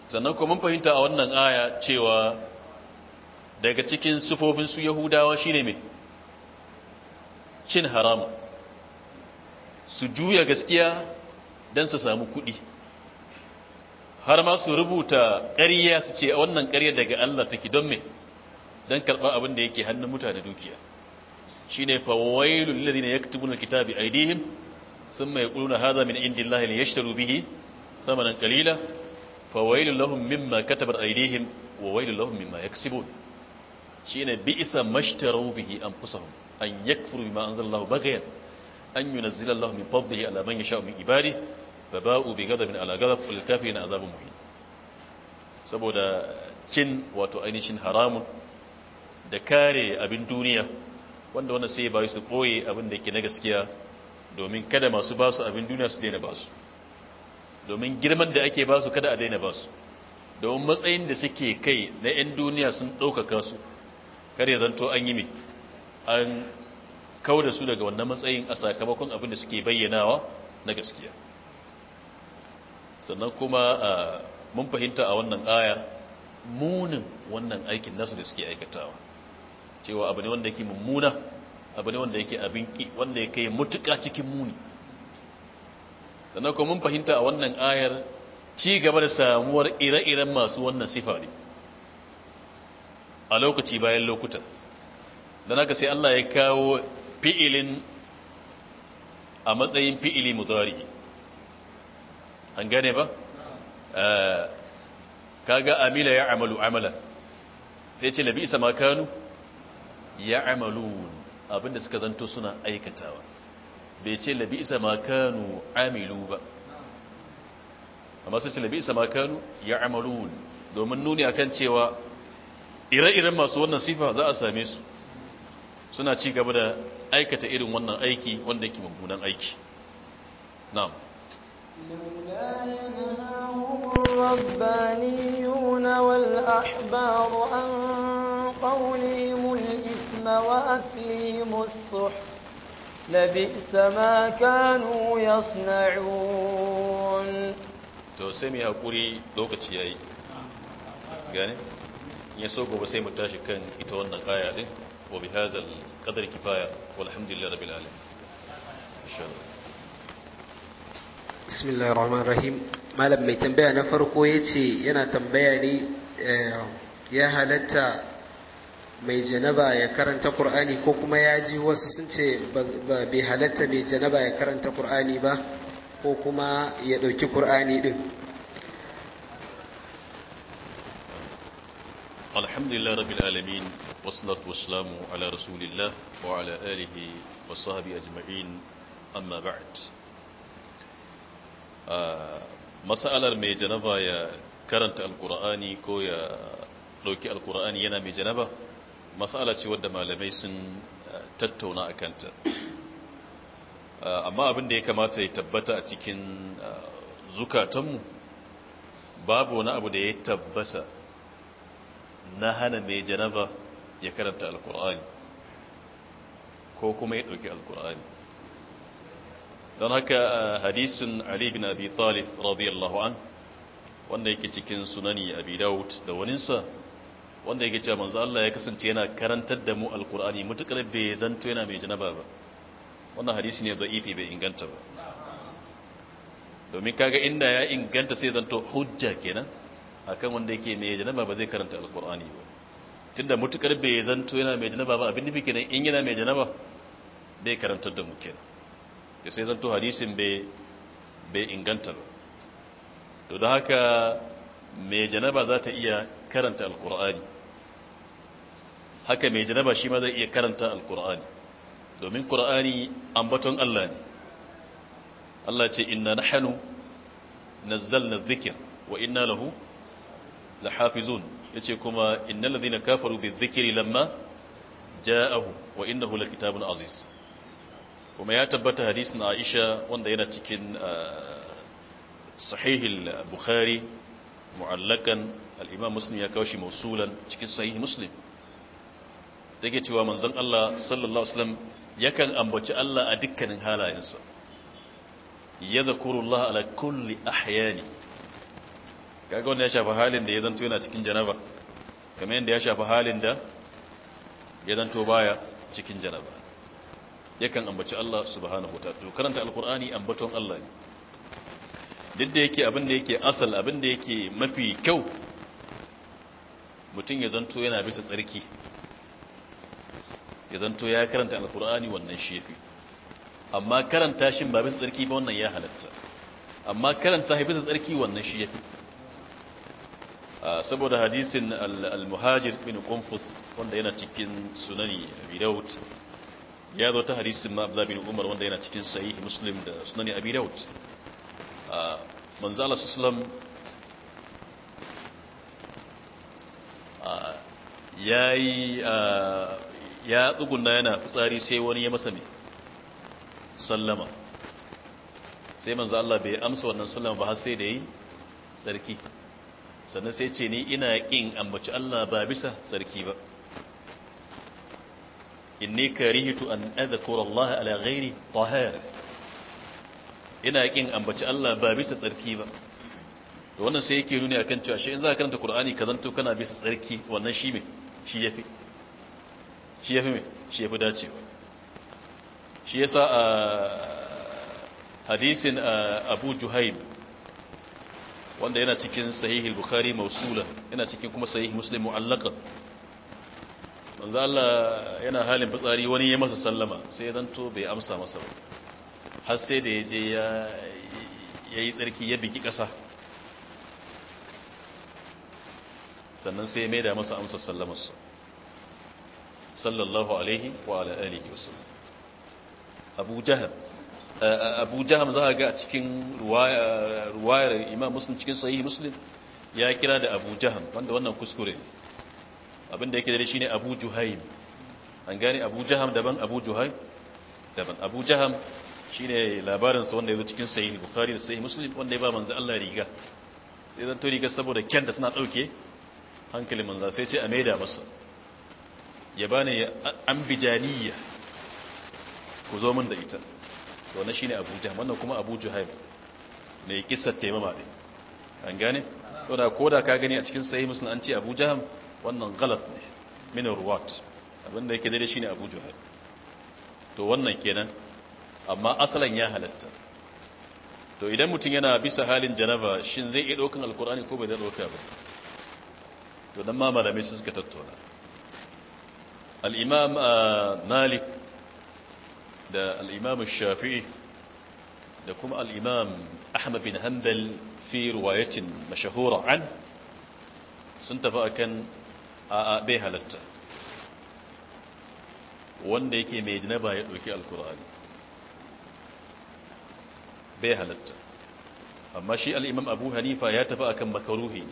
Speaker 1: sannan kuma fahimta a wannan aya cewa daga cikin sufofin su yahudawa shine mai cin harama su juya gaskiya don su samu kuɗi har ma su rubuta ƙarya su ce a wannan ƙarya daga Allah take don me don karɓar abin da yake hannun mutane dukiya Shi ne na ya ladina buna kitabi sun mai ƙuluna haza min indillahi ta rubihi zamanin ƙalila. فويل لهم مما كتبت أيديهم وويل لهم مما يكسبون شين بئس ما اشتروا به أنفسهم أن يكفروا بما أنزل الله بغيا أن ينزل الله من فضله على من يشاء من عباده فباءوا بغضب على غضب وللكافرين عذاب مهين saboda cin wato ainihin haramun da kare abin duniya wanda wannan sai ba su koye abin da ke na gaskiya domin kada masu basu abin duniya su daina basu domin girman da ake basu kada a daina basu domin matsayin da suke kai na 'yan duniya sun ɗaukaka su kar ya zanto an yi mai an kau da su daga wannan matsayin a sakamakon abin da suke bayyanawa na gaskiya sannan kuma mun fahimta a wannan aya munin wannan aikin nasu da suke aikatawa cewa abu ne wanda yake mummuna abu ne wanda yake abin ki wanda yake mutuka cikin muni sannan kuma mun fahimta a wannan ayar ci gaba da samuwar ire-iren masu wannan sifa ne a lokaci bayan lokutan don haka sai Allah ya kawo fi'ilin a matsayin fi'ili mudari an gane ba eh, kaga amila ya amalu amala sai ce labi isa makanu ya amalu abinda suka zanto suna aikatawa bai ce labi isa makanu amilu ba amma sai ce labi isa makanu ya amalun domin nuni akan cewa ire-iren masu wannan sifa za a same su suna ci gaba da aikata irin wannan aiki wanda yake mummunan aiki na'am
Speaker 2: الربانيون والأحبار عن قولهم الإثم وأكلهم السحت لبئس ما كانوا يصنعون
Speaker 1: to sai mu hakuri lokaci yayi gane ya so gobe sai mu tashi kan ita wannan aya din wa bi hadzal qadri kifaya walhamdulillahi rabbil alamin inshallah
Speaker 2: bismillahir rahmanir rahim malam mai tambaya na farko yace yana tambaya ne eh, ya halatta mai janaba ya karanta kur'ani ko kuma ya ji wasu sun ce ba bai halatta mai janaba ya karanta kur'ani ba ko kuma ya ɗauki kur'ani. ɗin
Speaker 1: alhamdulillah rabbil alamin wassalatu wassalamu ala rasulillah wa ala alihi wa sahbihi ajma'in amma ba'd ah, masalar mai janaba ya karanta alqur'ani ko ya ɗauki alƙur'ani yana mai janaba matsala ce wadda malamai sun eh, tattauna a kanta eh, amma abin da ya kamata ya tabbata a cikin eh, zukatanmu babu wani abu da ya tabbata na hana mai janaba ya karanta alkur'ani ko kuma ya ɗauki alkur'ani don haka hadisin ali bin abi talif radiyallahu an wanda yake cikin sunani abi daud da waninsa wanda yake cewa manzo Allah ya kasance yana karantar da mu alkur'ani mutukar bai zanto yana mai janaba ba wannan hadisi ne da'ifi bai inganta ba domin kaga inda ya inganta sai zanto hujja kenan akan wanda yake mai janaba ba zai karanta alkur'ani ba tunda mutukar bai zanto yana mai janaba ba abin da bike nan in yana mai janaba bai karantar da mu kenan to sai zanto hadisin bai bai inganta ba to da haka mai janaba za ta iya karanta alkur'ani haka mai janaba shi ma zai iya karanta alkur'ani domin kur'ani ambaton Allah ne Allah ce inna nahnu nazzalna dhikr wa inna lahu lahafizun yace kuma innal ladhina kafaru bidhikri lamma ja'ahu wa innahu lakitabun aziz kuma ya tabbata hadisin Aisha wanda yana cikin ah, sahihil Bukhari mu'allakan al-Imam Muslim ya kawo shi mausulan cikin sahih Muslim take cewa manzon Allah sallallahu alaihi wasallam yakan ambaci Allah a dukkanin halayensa Allah ala kulli ahyani kaga wanda ya shafa halin da ya zanto yana cikin janaba kamar yadda ya shafa halin da ya zanto baya cikin janaba yakan ambaci Allah subhanahu wataala to karanta alqur'ani ambaton Allah ne duk da yake abin da yake asal abin da yake mafi kyau mutum ya zanto yana bisa tsarki ya zanto ya karanta alkur'ani wannan shi yafi amma karanta shin ba bisa tsarki ba wannan ya halatta amma karanta bisa tsarki wannan shi yafi ah, saboda hadisin al-muhajir bin qunfus wanda yana cikin sunani abi daud ya zo ta hadisin ma abdullah bin umar wanda yana cikin sahih muslim da sunani abi daud ah, manzo Allah sallallahu alaihi wasallam ah, yayi ya tsugunna yana fitsari sai wani ya masa mai sallama sai manzo Allah bai amsa wannan sallama ba har sai da yi tsarki sannan sai ce ni ina kin ambaci Allah ba bisa tsarki ba inni karihtu an adhkura Allah ala ghairi tahir ina kin ambaci Allah ba bisa tsarki ba to wannan sai yake nuni akan cewa shi in za ka karanta Qur'ani ka zanto kana bisa tsarki wannan shi me shi yafi shi ya fi mai shi ya fi dacewa shi yasa a ah, hadisin ah, Abu Juhaib wanda yana cikin sahih bukhari mausula yana cikin kuma sahih Muslim mu'allaka manzo Allah yana halin fitsari wani ya masa sallama sai dan to bai amsa masa ba har sai da yaje ya yayi tsarki ya biki kasa sannan sai ya maida masa amsa sallamarsa sallallahu alaihi wa ala alihi wasallam abu jahal abu jahal za a ga a cikin ruwayar imam muslim cikin sahih muslim ya kira da abu jahal wanda wannan kuskure ne abinda yake shi ne abu juhaim an gane abu jaham daban abu juhaim daban abu jaham shine sa wanda yake cikin sahih bukhari da sahih muslim wanda ya ba manzo Allah riga sai zan to riga saboda kyan da tana dauke hankalin manzo sai ce a maida masa ya bani ambijaniya ku zo min da ita na shine Abu Jahm wannan kuma Abu juhaib ne kissar taimama din an gane to da koda ka gani a cikin sahih muslim an ce Abu Jahm wannan galat ne min ruwat abinda yake daidai shine Abu juhaib to wannan kenan amma asalan ya halatta to idan mutum yana bisa halin janaba shin zai iya daukan alkur'ani ko bai da dauka ba to dan ma malamai suka tattauna الإمام آه، مالك ده الإمام الشافعي لكم الإمام أحمد بن هنبل في رواية مشهورة عن سنتفا كان آه، آه، بها لتا وان ديك ميجنا بايت وكي القرآن بها لتا أما شيء الإمام أبو هنيفة يتفا مكروهين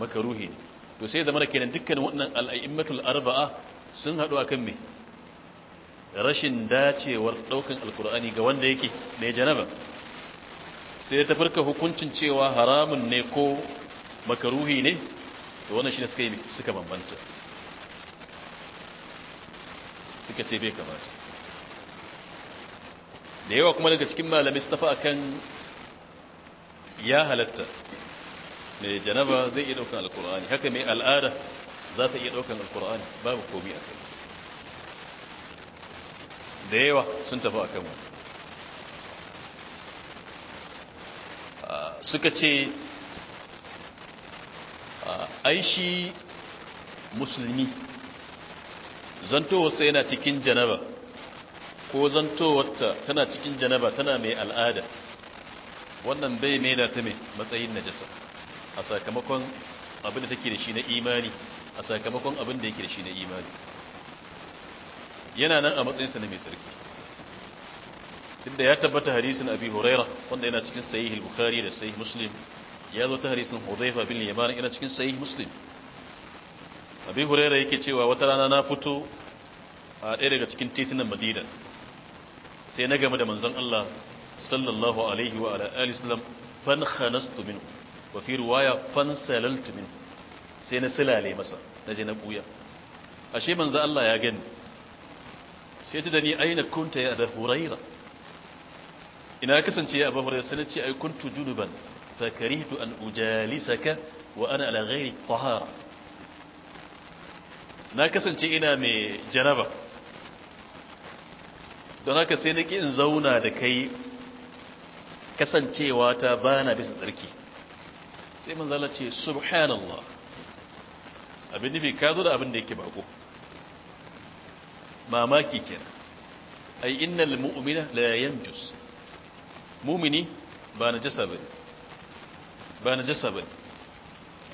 Speaker 1: مكروهين to sai da mana kenan dukkan waɗannan al'a'immatul arba'a sun haɗu akan me rashin dacewar ɗaukan alkur'ani ga wanda yake mai janaba sai ta farka hukuncin cewa haramun ne ko makaruhi ne to wannan shi ne suka yi suka bambanta suka ce bai kamata da yawa kuma daga cikin malamai su tafi akan ya halatta mai janaba zai iya daukan alkur'ani haka mai al'ada za ta iya daukan alkur'ani babu komi a kai da yawa sun tafi a kan wani ah, suka ce ah, aishi musulmi zantowarsa yana cikin janaba ko zantowarta tana cikin janaba tana mai al'ada wannan bai mai da ta mai matsayin najasa a sakamakon abin da take da shi na imani a sakamakon abin da yake da shi na imani yana nan a matsayinsa na mai tsarki tunda ya tabbata hadisin abi huraira wanda yana cikin sahih al-bukhari da sahih muslim ya zo ta hadisin hudhayfa bin yaman yana cikin sahih muslim abi huraira yake cewa wata rana na fito a ɗaya daga cikin titunan madina sai na gama da manzon Allah sallallahu alaihi wa ala alihi wasallam fan khanastu minhu wa fi ruwaya fansalaltu min sai na silale masa na je na buya ashe manzo Allah ya gani sai ta dani aina kunta ya da huraira ina kasance ya abu huraira sai na ce ai kuntu junuban fa karihtu an ujalisaka wa ana ala ghairi tahara na kasance ina mai janaba don haka sai na in zauna da kai kasancewa ta bana bisa tsarki sai manzala ce subhanallah abin nufi ka zo da abin da yake bako mamaki kenan ai innal mu'mina la yanjus mu'mini ba na bane ba na jasa bane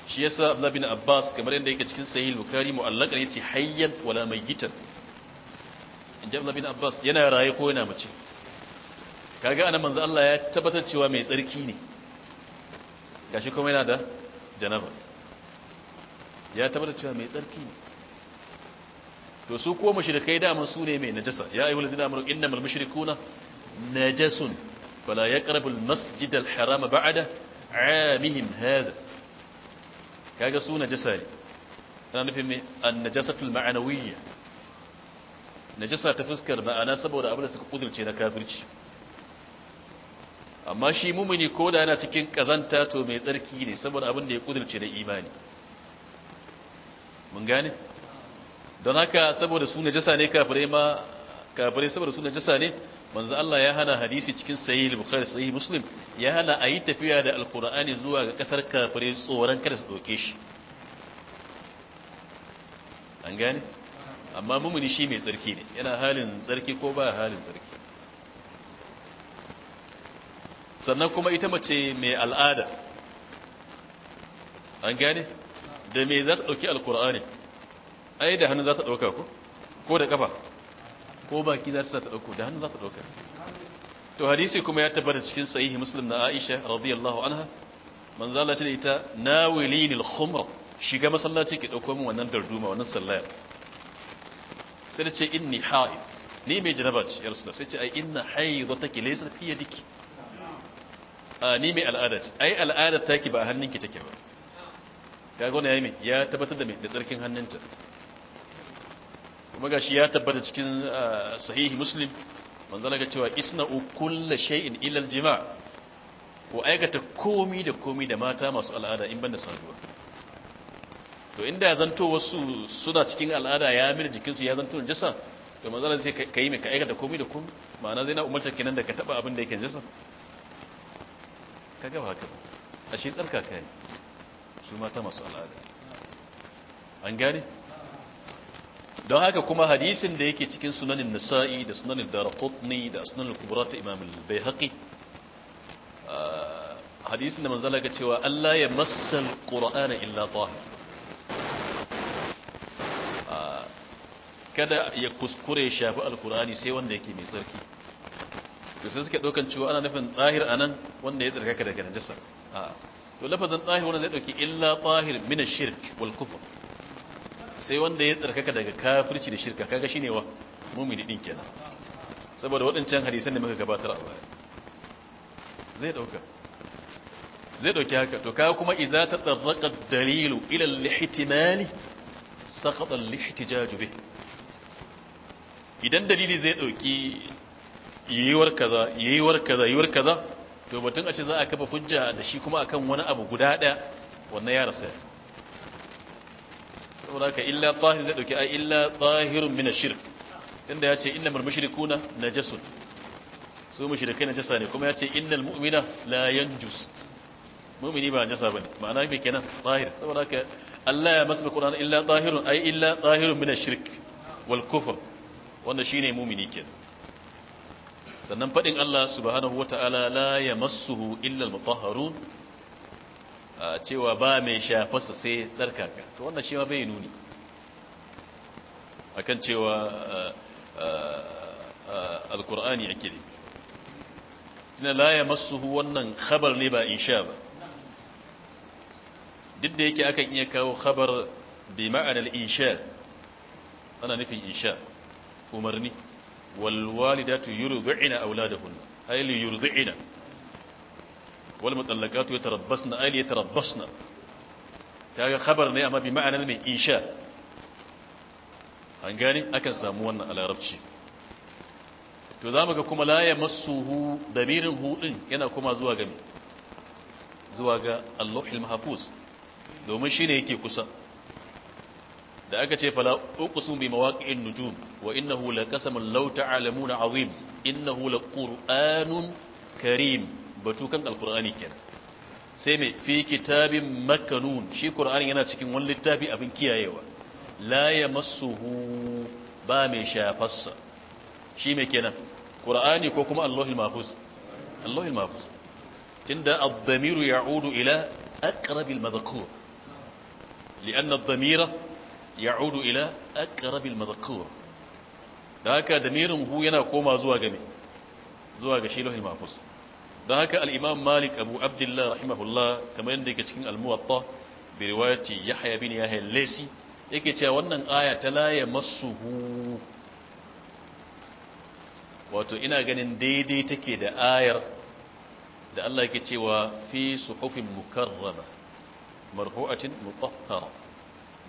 Speaker 1: shi yasa Abdullah bin Abbas kamar yadda yake cikin sahih Bukhari mu'allaqan yace hayyan wala mayyitan in Abdullah bin Abbas yana raye ko yana mace kaga anan manzo Allah ya tabbatar cewa mai tsarki ne gashi kuma yana da janaba ya tabbata cewa mai tsarki to su ko mushrikai dama su ne mai najasa ya ayyuhal ladina amanu innamal mushrikuna najasun fala yaqrabu al-masjid al-haram ba'da 'amihim hada kaga su najasa ne ana nufin me an-najasatu najasa ta fuskar ma'ana saboda abin da suka kudurce na kafirci amma shi mumini ko da yana cikin kazanta to mai tsarki ne saboda abin da ya kudurce da imani mun gane don haka saboda su najasa ne kafirai ma kafirai saboda su najasa ne manzo Allah ya hana hadisi cikin sahih bukhari sahih muslim ya hana a yi tafiya da alqur'ani zuwa ga kasar kafirai tsoron kada su doke shi an gane amma mumini shi mai tsarki ne yana halin tsarki ko ba halin tsarki sannan kuma ita mace mai al'ada an gane da me za ta ɗauki alkur'ani ai da hannu za ta ɗauka ko ko da ƙafa ko baki za ta ɗauko da hannu za ta ɗauka to hadisi kuma ya tabbata cikin sahihi muslim na aisha radiyallahu anha manzo Allah ce da ita nawilinil khumr shiga masallaci ki dauko min wannan darduma wannan sallaya sai ta ce inni haid ni mai janaba ce ya rasulullah sai ce ai inna haidatuki laysa fiye diki. ni mai al'ada ce ai al'adar taki ba a hannunki take ba kaga wannan yayi ya tabbatar da mai da tsarkin hannunta kuma gashi ya tabbata cikin sahihi muslim manzo daga cewa isna kullu shay'in ila aljima jima ko aikata komi da komi da mata masu al'ada in banda saduwa to inda ya zanto wasu suna cikin al'ada ya mil jikinsu ya zanto jasa to manzo zai kai mai ka aikata komi da komi ma'ana zai na umarta kinan da ka taba abin da yake jasa. ka gaba haka a shi tsarkaka ne su mata masu al'ada an gane don haka kuma hadisin da yake cikin sunanin nisa'i da sunanin darqutni da sunanin Kuburata ta imam al ah, hadisin da manzala ga cewa Allah ya masal ƙura'ana illa tahir ah, kada ya kuskure shafi alkur'ani sai wanda yake mai sarki to sai suke dokan cewa ana nufin tsahir anan wanda ya tsarkaka daga najasa a to lafazin tsahir wanda zai dauki illa tsahir min ash-shirk wal kufr sai wanda ya tsarkaka daga kafirci da shirka kaga shine wa mumini din kenan saboda waɗancan hadisan da muka gabatar a baya zai dauka zai dauki haka to kaga kuma idza ta ad-dalilu ila al-ihtimali saqata al-ihtijaj bih idan dalili zai dauki yiwuwar kaza yiwuwar kaza yiwuwar kaza to batun a ce za a kafa hujja da shi kuma akan wani abu guda daya wannan ya rasa saboda ka illa tahir zai dauki ai illa tahirun min ashirk tunda yace ce innamal mushrikuna najasun su mushrikai najasa ne kuma yace ce innal mu'mina la yanjus mu'mini ba najasa bane ma'ana me kenan tahir saboda ka Allah ya masa Qur'an illa tahirun ai illa tahirun min ashirk wal kufr wannan shine mu'mini kenan sannan faɗin Allah subhanahu wata'ala la yamassuhu illa illal mutahharun cewa ba mai shafarsa sai tsarkaka to wannan shi ma bai nuni akan cewa alkur'ani ake ne tuna la ya masuhu wannan khabar ne ba in sha ba duk da yake akan iya kawo khabar bi ma'anar sha ana nufin in sha umarni والوالدات يرضعن أولادهن أي ليرضعن والمطلقات يتربصن أي ليتربصن تاغا خبر ne amma bi ma'anar mai insha an gani akan samu wannan larabci to za mu ga kuma la ya damirin hu yana kuma zuwa ga zuwa ga allahul mahfuz domin shine yake kusa da aka ce fala uqsimu bi mawaqi'in nujum wa innahu laqasamun law ta'lamuna azim innahu laqur'anun karim batu kan alqur'ani kenan sai mai fi kitabin makanun shi qur'ani yana cikin wani littafi abin kiyayewa la yamassuhu ba mai shafarsa shi mai kenan qur'ani ko kuma allahul mahfuz allahul mahfuz tunda ad-damiru ya'udu ila aqrabil madhkur لأن الضمير ya'udu ila aqrabil madhkur da haka damirin hu yana koma zuwa ga me zuwa ga shi lahil mahfuz da haka al-imam malik abu abdullah rahimahullah kamar yadda yake cikin al-muwatta bi riwayati yahya bin yahya al-laysi yake cewa wannan aya ta la yamassuhu wato ina ganin daidai take da ayar da Allah yake cewa fi suhufin mukarrama marfu'atin mutahhara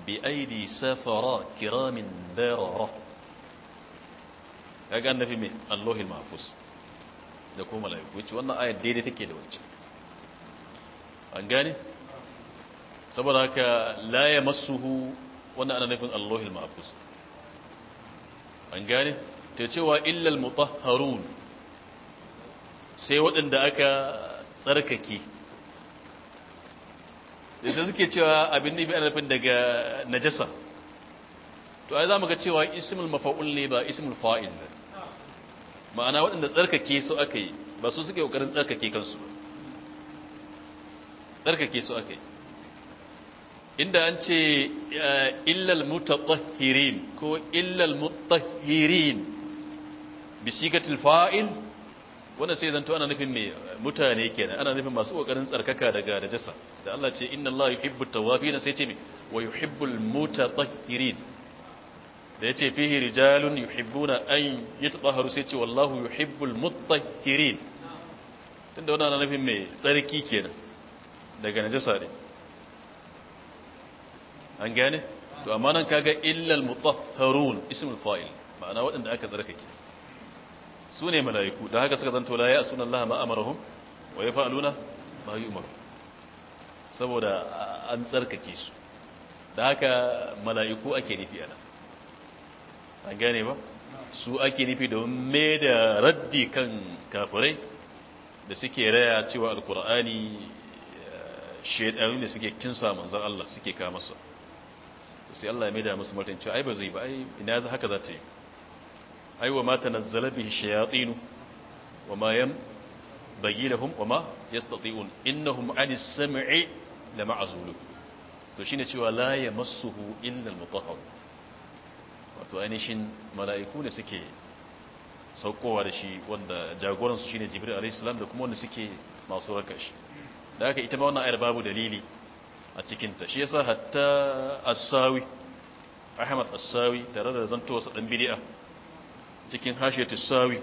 Speaker 1: بأيدي سفراء كرام بررة kaga annabi mai Allahul Mahfuz da kuma malaiku yace wannan ayar daidai take da wacce an gane saboda haka wannan ana nufin an gane ta cewa illal mutahharun sai waɗanda aka tsarkake da sai suke cewa abin ne bi ana nufin daga najasa to ai mu ga cewa ismul mafa'ul ne ba ismul fa'il ne ma'ana waɗanda tsarkake su aka yi ba su suke kokarin tsarkake kansu ba. tsarkake su aka yi inda an ce eh, illal mutatahhirin ko illal mutahhirin bi sigatil fa'il wannan sai zanto ana nufin me mutane kenan ana nufin masu kokarin tsarkaka daga najasa da Allah ce inna Allah yuhibbu tawabin sai ce me wa yuhibbul mutatahhirin da yace fihi rijalun yuhibbuna an yatahharu sai ce wallahu yuhibbul mutahhirin tunda wannan ana nufin me tsarki kenan daga najasa ne an gane to amma nan kaga illal mutahharun ismul fa'il ma'ana waɗanda aka tsarkake su ne mala'iku da haka suka zanto la ya sunan Allah ma amarahum wa yafa'aluna ma yu'maru saboda an tsarkake su da haka mala'iku ake nufi ana an gane ba su ake nufi don mai da raddi kan kafirai da suke raya cewa alkur'ani eh, shaidanu da suke kinsa manzan Allah suke kama su sai Allah ya mai da musu martin ai ba zai ba ai ina za haka za ta yi ai wa mata nazzala bihi shayatinu wa ma yam bayyinahum wa ma yastati'un innahum 'ani as-sam'i ma'azulu to shine cewa la yamassuhu illa al-mutahhar wato ainihin mala'iku ne suke saukowa da shi wanda jagoransu shine jibril alayhi salam da kuma wanda suke masu raka shi dan haka ita ma wannan ayar babu dalili a cikin ta shi yasa hatta as-sawi ahmad as-sawi tare da zantowa sa dan bid'a cikin hashiyat as-sawi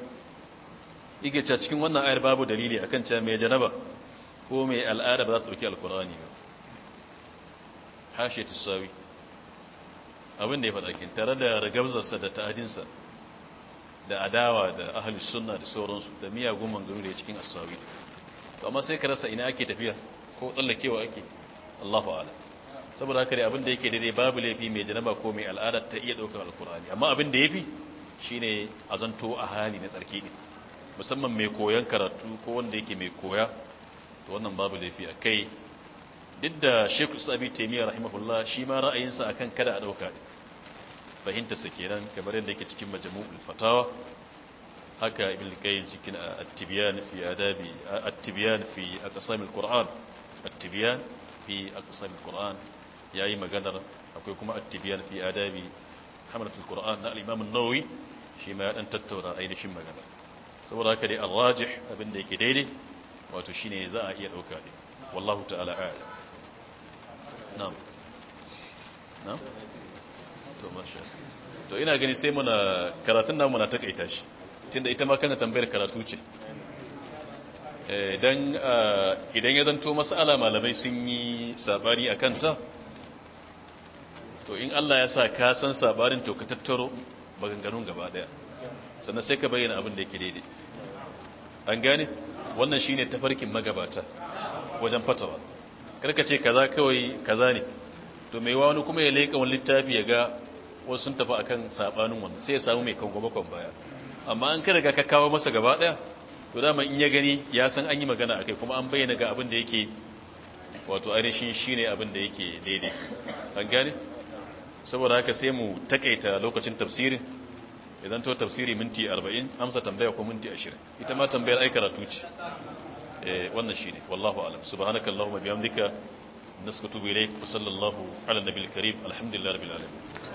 Speaker 1: yake cewa cikin wannan ayar babu dalili akan cewa mai janaba ko mai al'ada ba za ta dauki alqur'ani hashe ta tisawi abin da ya faɗa tare da ragabzarsa da ta'adinsa da adawa da ahli sunna da sauransu da miyagun mangaru da cikin asawi amma sai ka rasa ina ake tafiya ko tsallakewa ake Allahu ala saboda haka dai abin da yake daidai babu laifi mai janaba ko mai al'ada ta iya ɗaukar alkur'ani amma abin da ya fi shine azanto a hali na tsarki ne musamman mai koyon karatu ko wanda yake mai koya to wannan babu laifi a kai duk da shekul sabi taimiyya rahimahullah shi ma ra'ayinsa akan kada a ɗauka fahimta fahimtarsa kenan kamar yadda yake cikin majmu'ul fatawa haka ibn qayyim cikin at-tibyan fi adabi at-tibyan fi aqsam al-qur'an at-tibyan fi aqsam al-qur'an yayi maganar akwai kuma at-tibyan fi adabi hamlat al-qur'an na al-imam an-nawawi shi ma dan tattauna ainihin magana saboda haka dai ar-rajih abinda yake daidai wato shine za a iya dauka ne wallahu ta'ala a'lam na'am ganin to masha ina gani sai muna karatun namu na takaita shi tunda ita ma tambayar karatu ce idan eh, ah, idan ya zanto mas'ala malamai sun yi sabari akan ta to in Allah ya sa ka san sabarin to ka tattaro maganganun gaba daya sannan sai ka bayyana abin da yake daidai an gane wannan shine tafarkin magabata wajen fatawa karka ce kaza kawai kaza ne to mai wani kuma ya leka wani littafi ya ga wasu sun tafi akan sabanin wannan sai ya samu mai kan gaba kan baya amma an kada ka kawo masa gaba daya to dama in ya gani ya san an yi magana akai kuma an bayyana ga abin da yake wato ainihin shine abin da yake daidai an gane saboda haka sai mu takaita lokacin tafsirin idan to tafsiri minti 40 amsa tambaya ko minti 20 ita ma tambayar ai karatu ce Eh, wannan ne wallahu alam subhanaka allahumma bihamdika naskutu ilayk wa sallallahu ala nabiyil karim alhamdulillahi rabbil alamin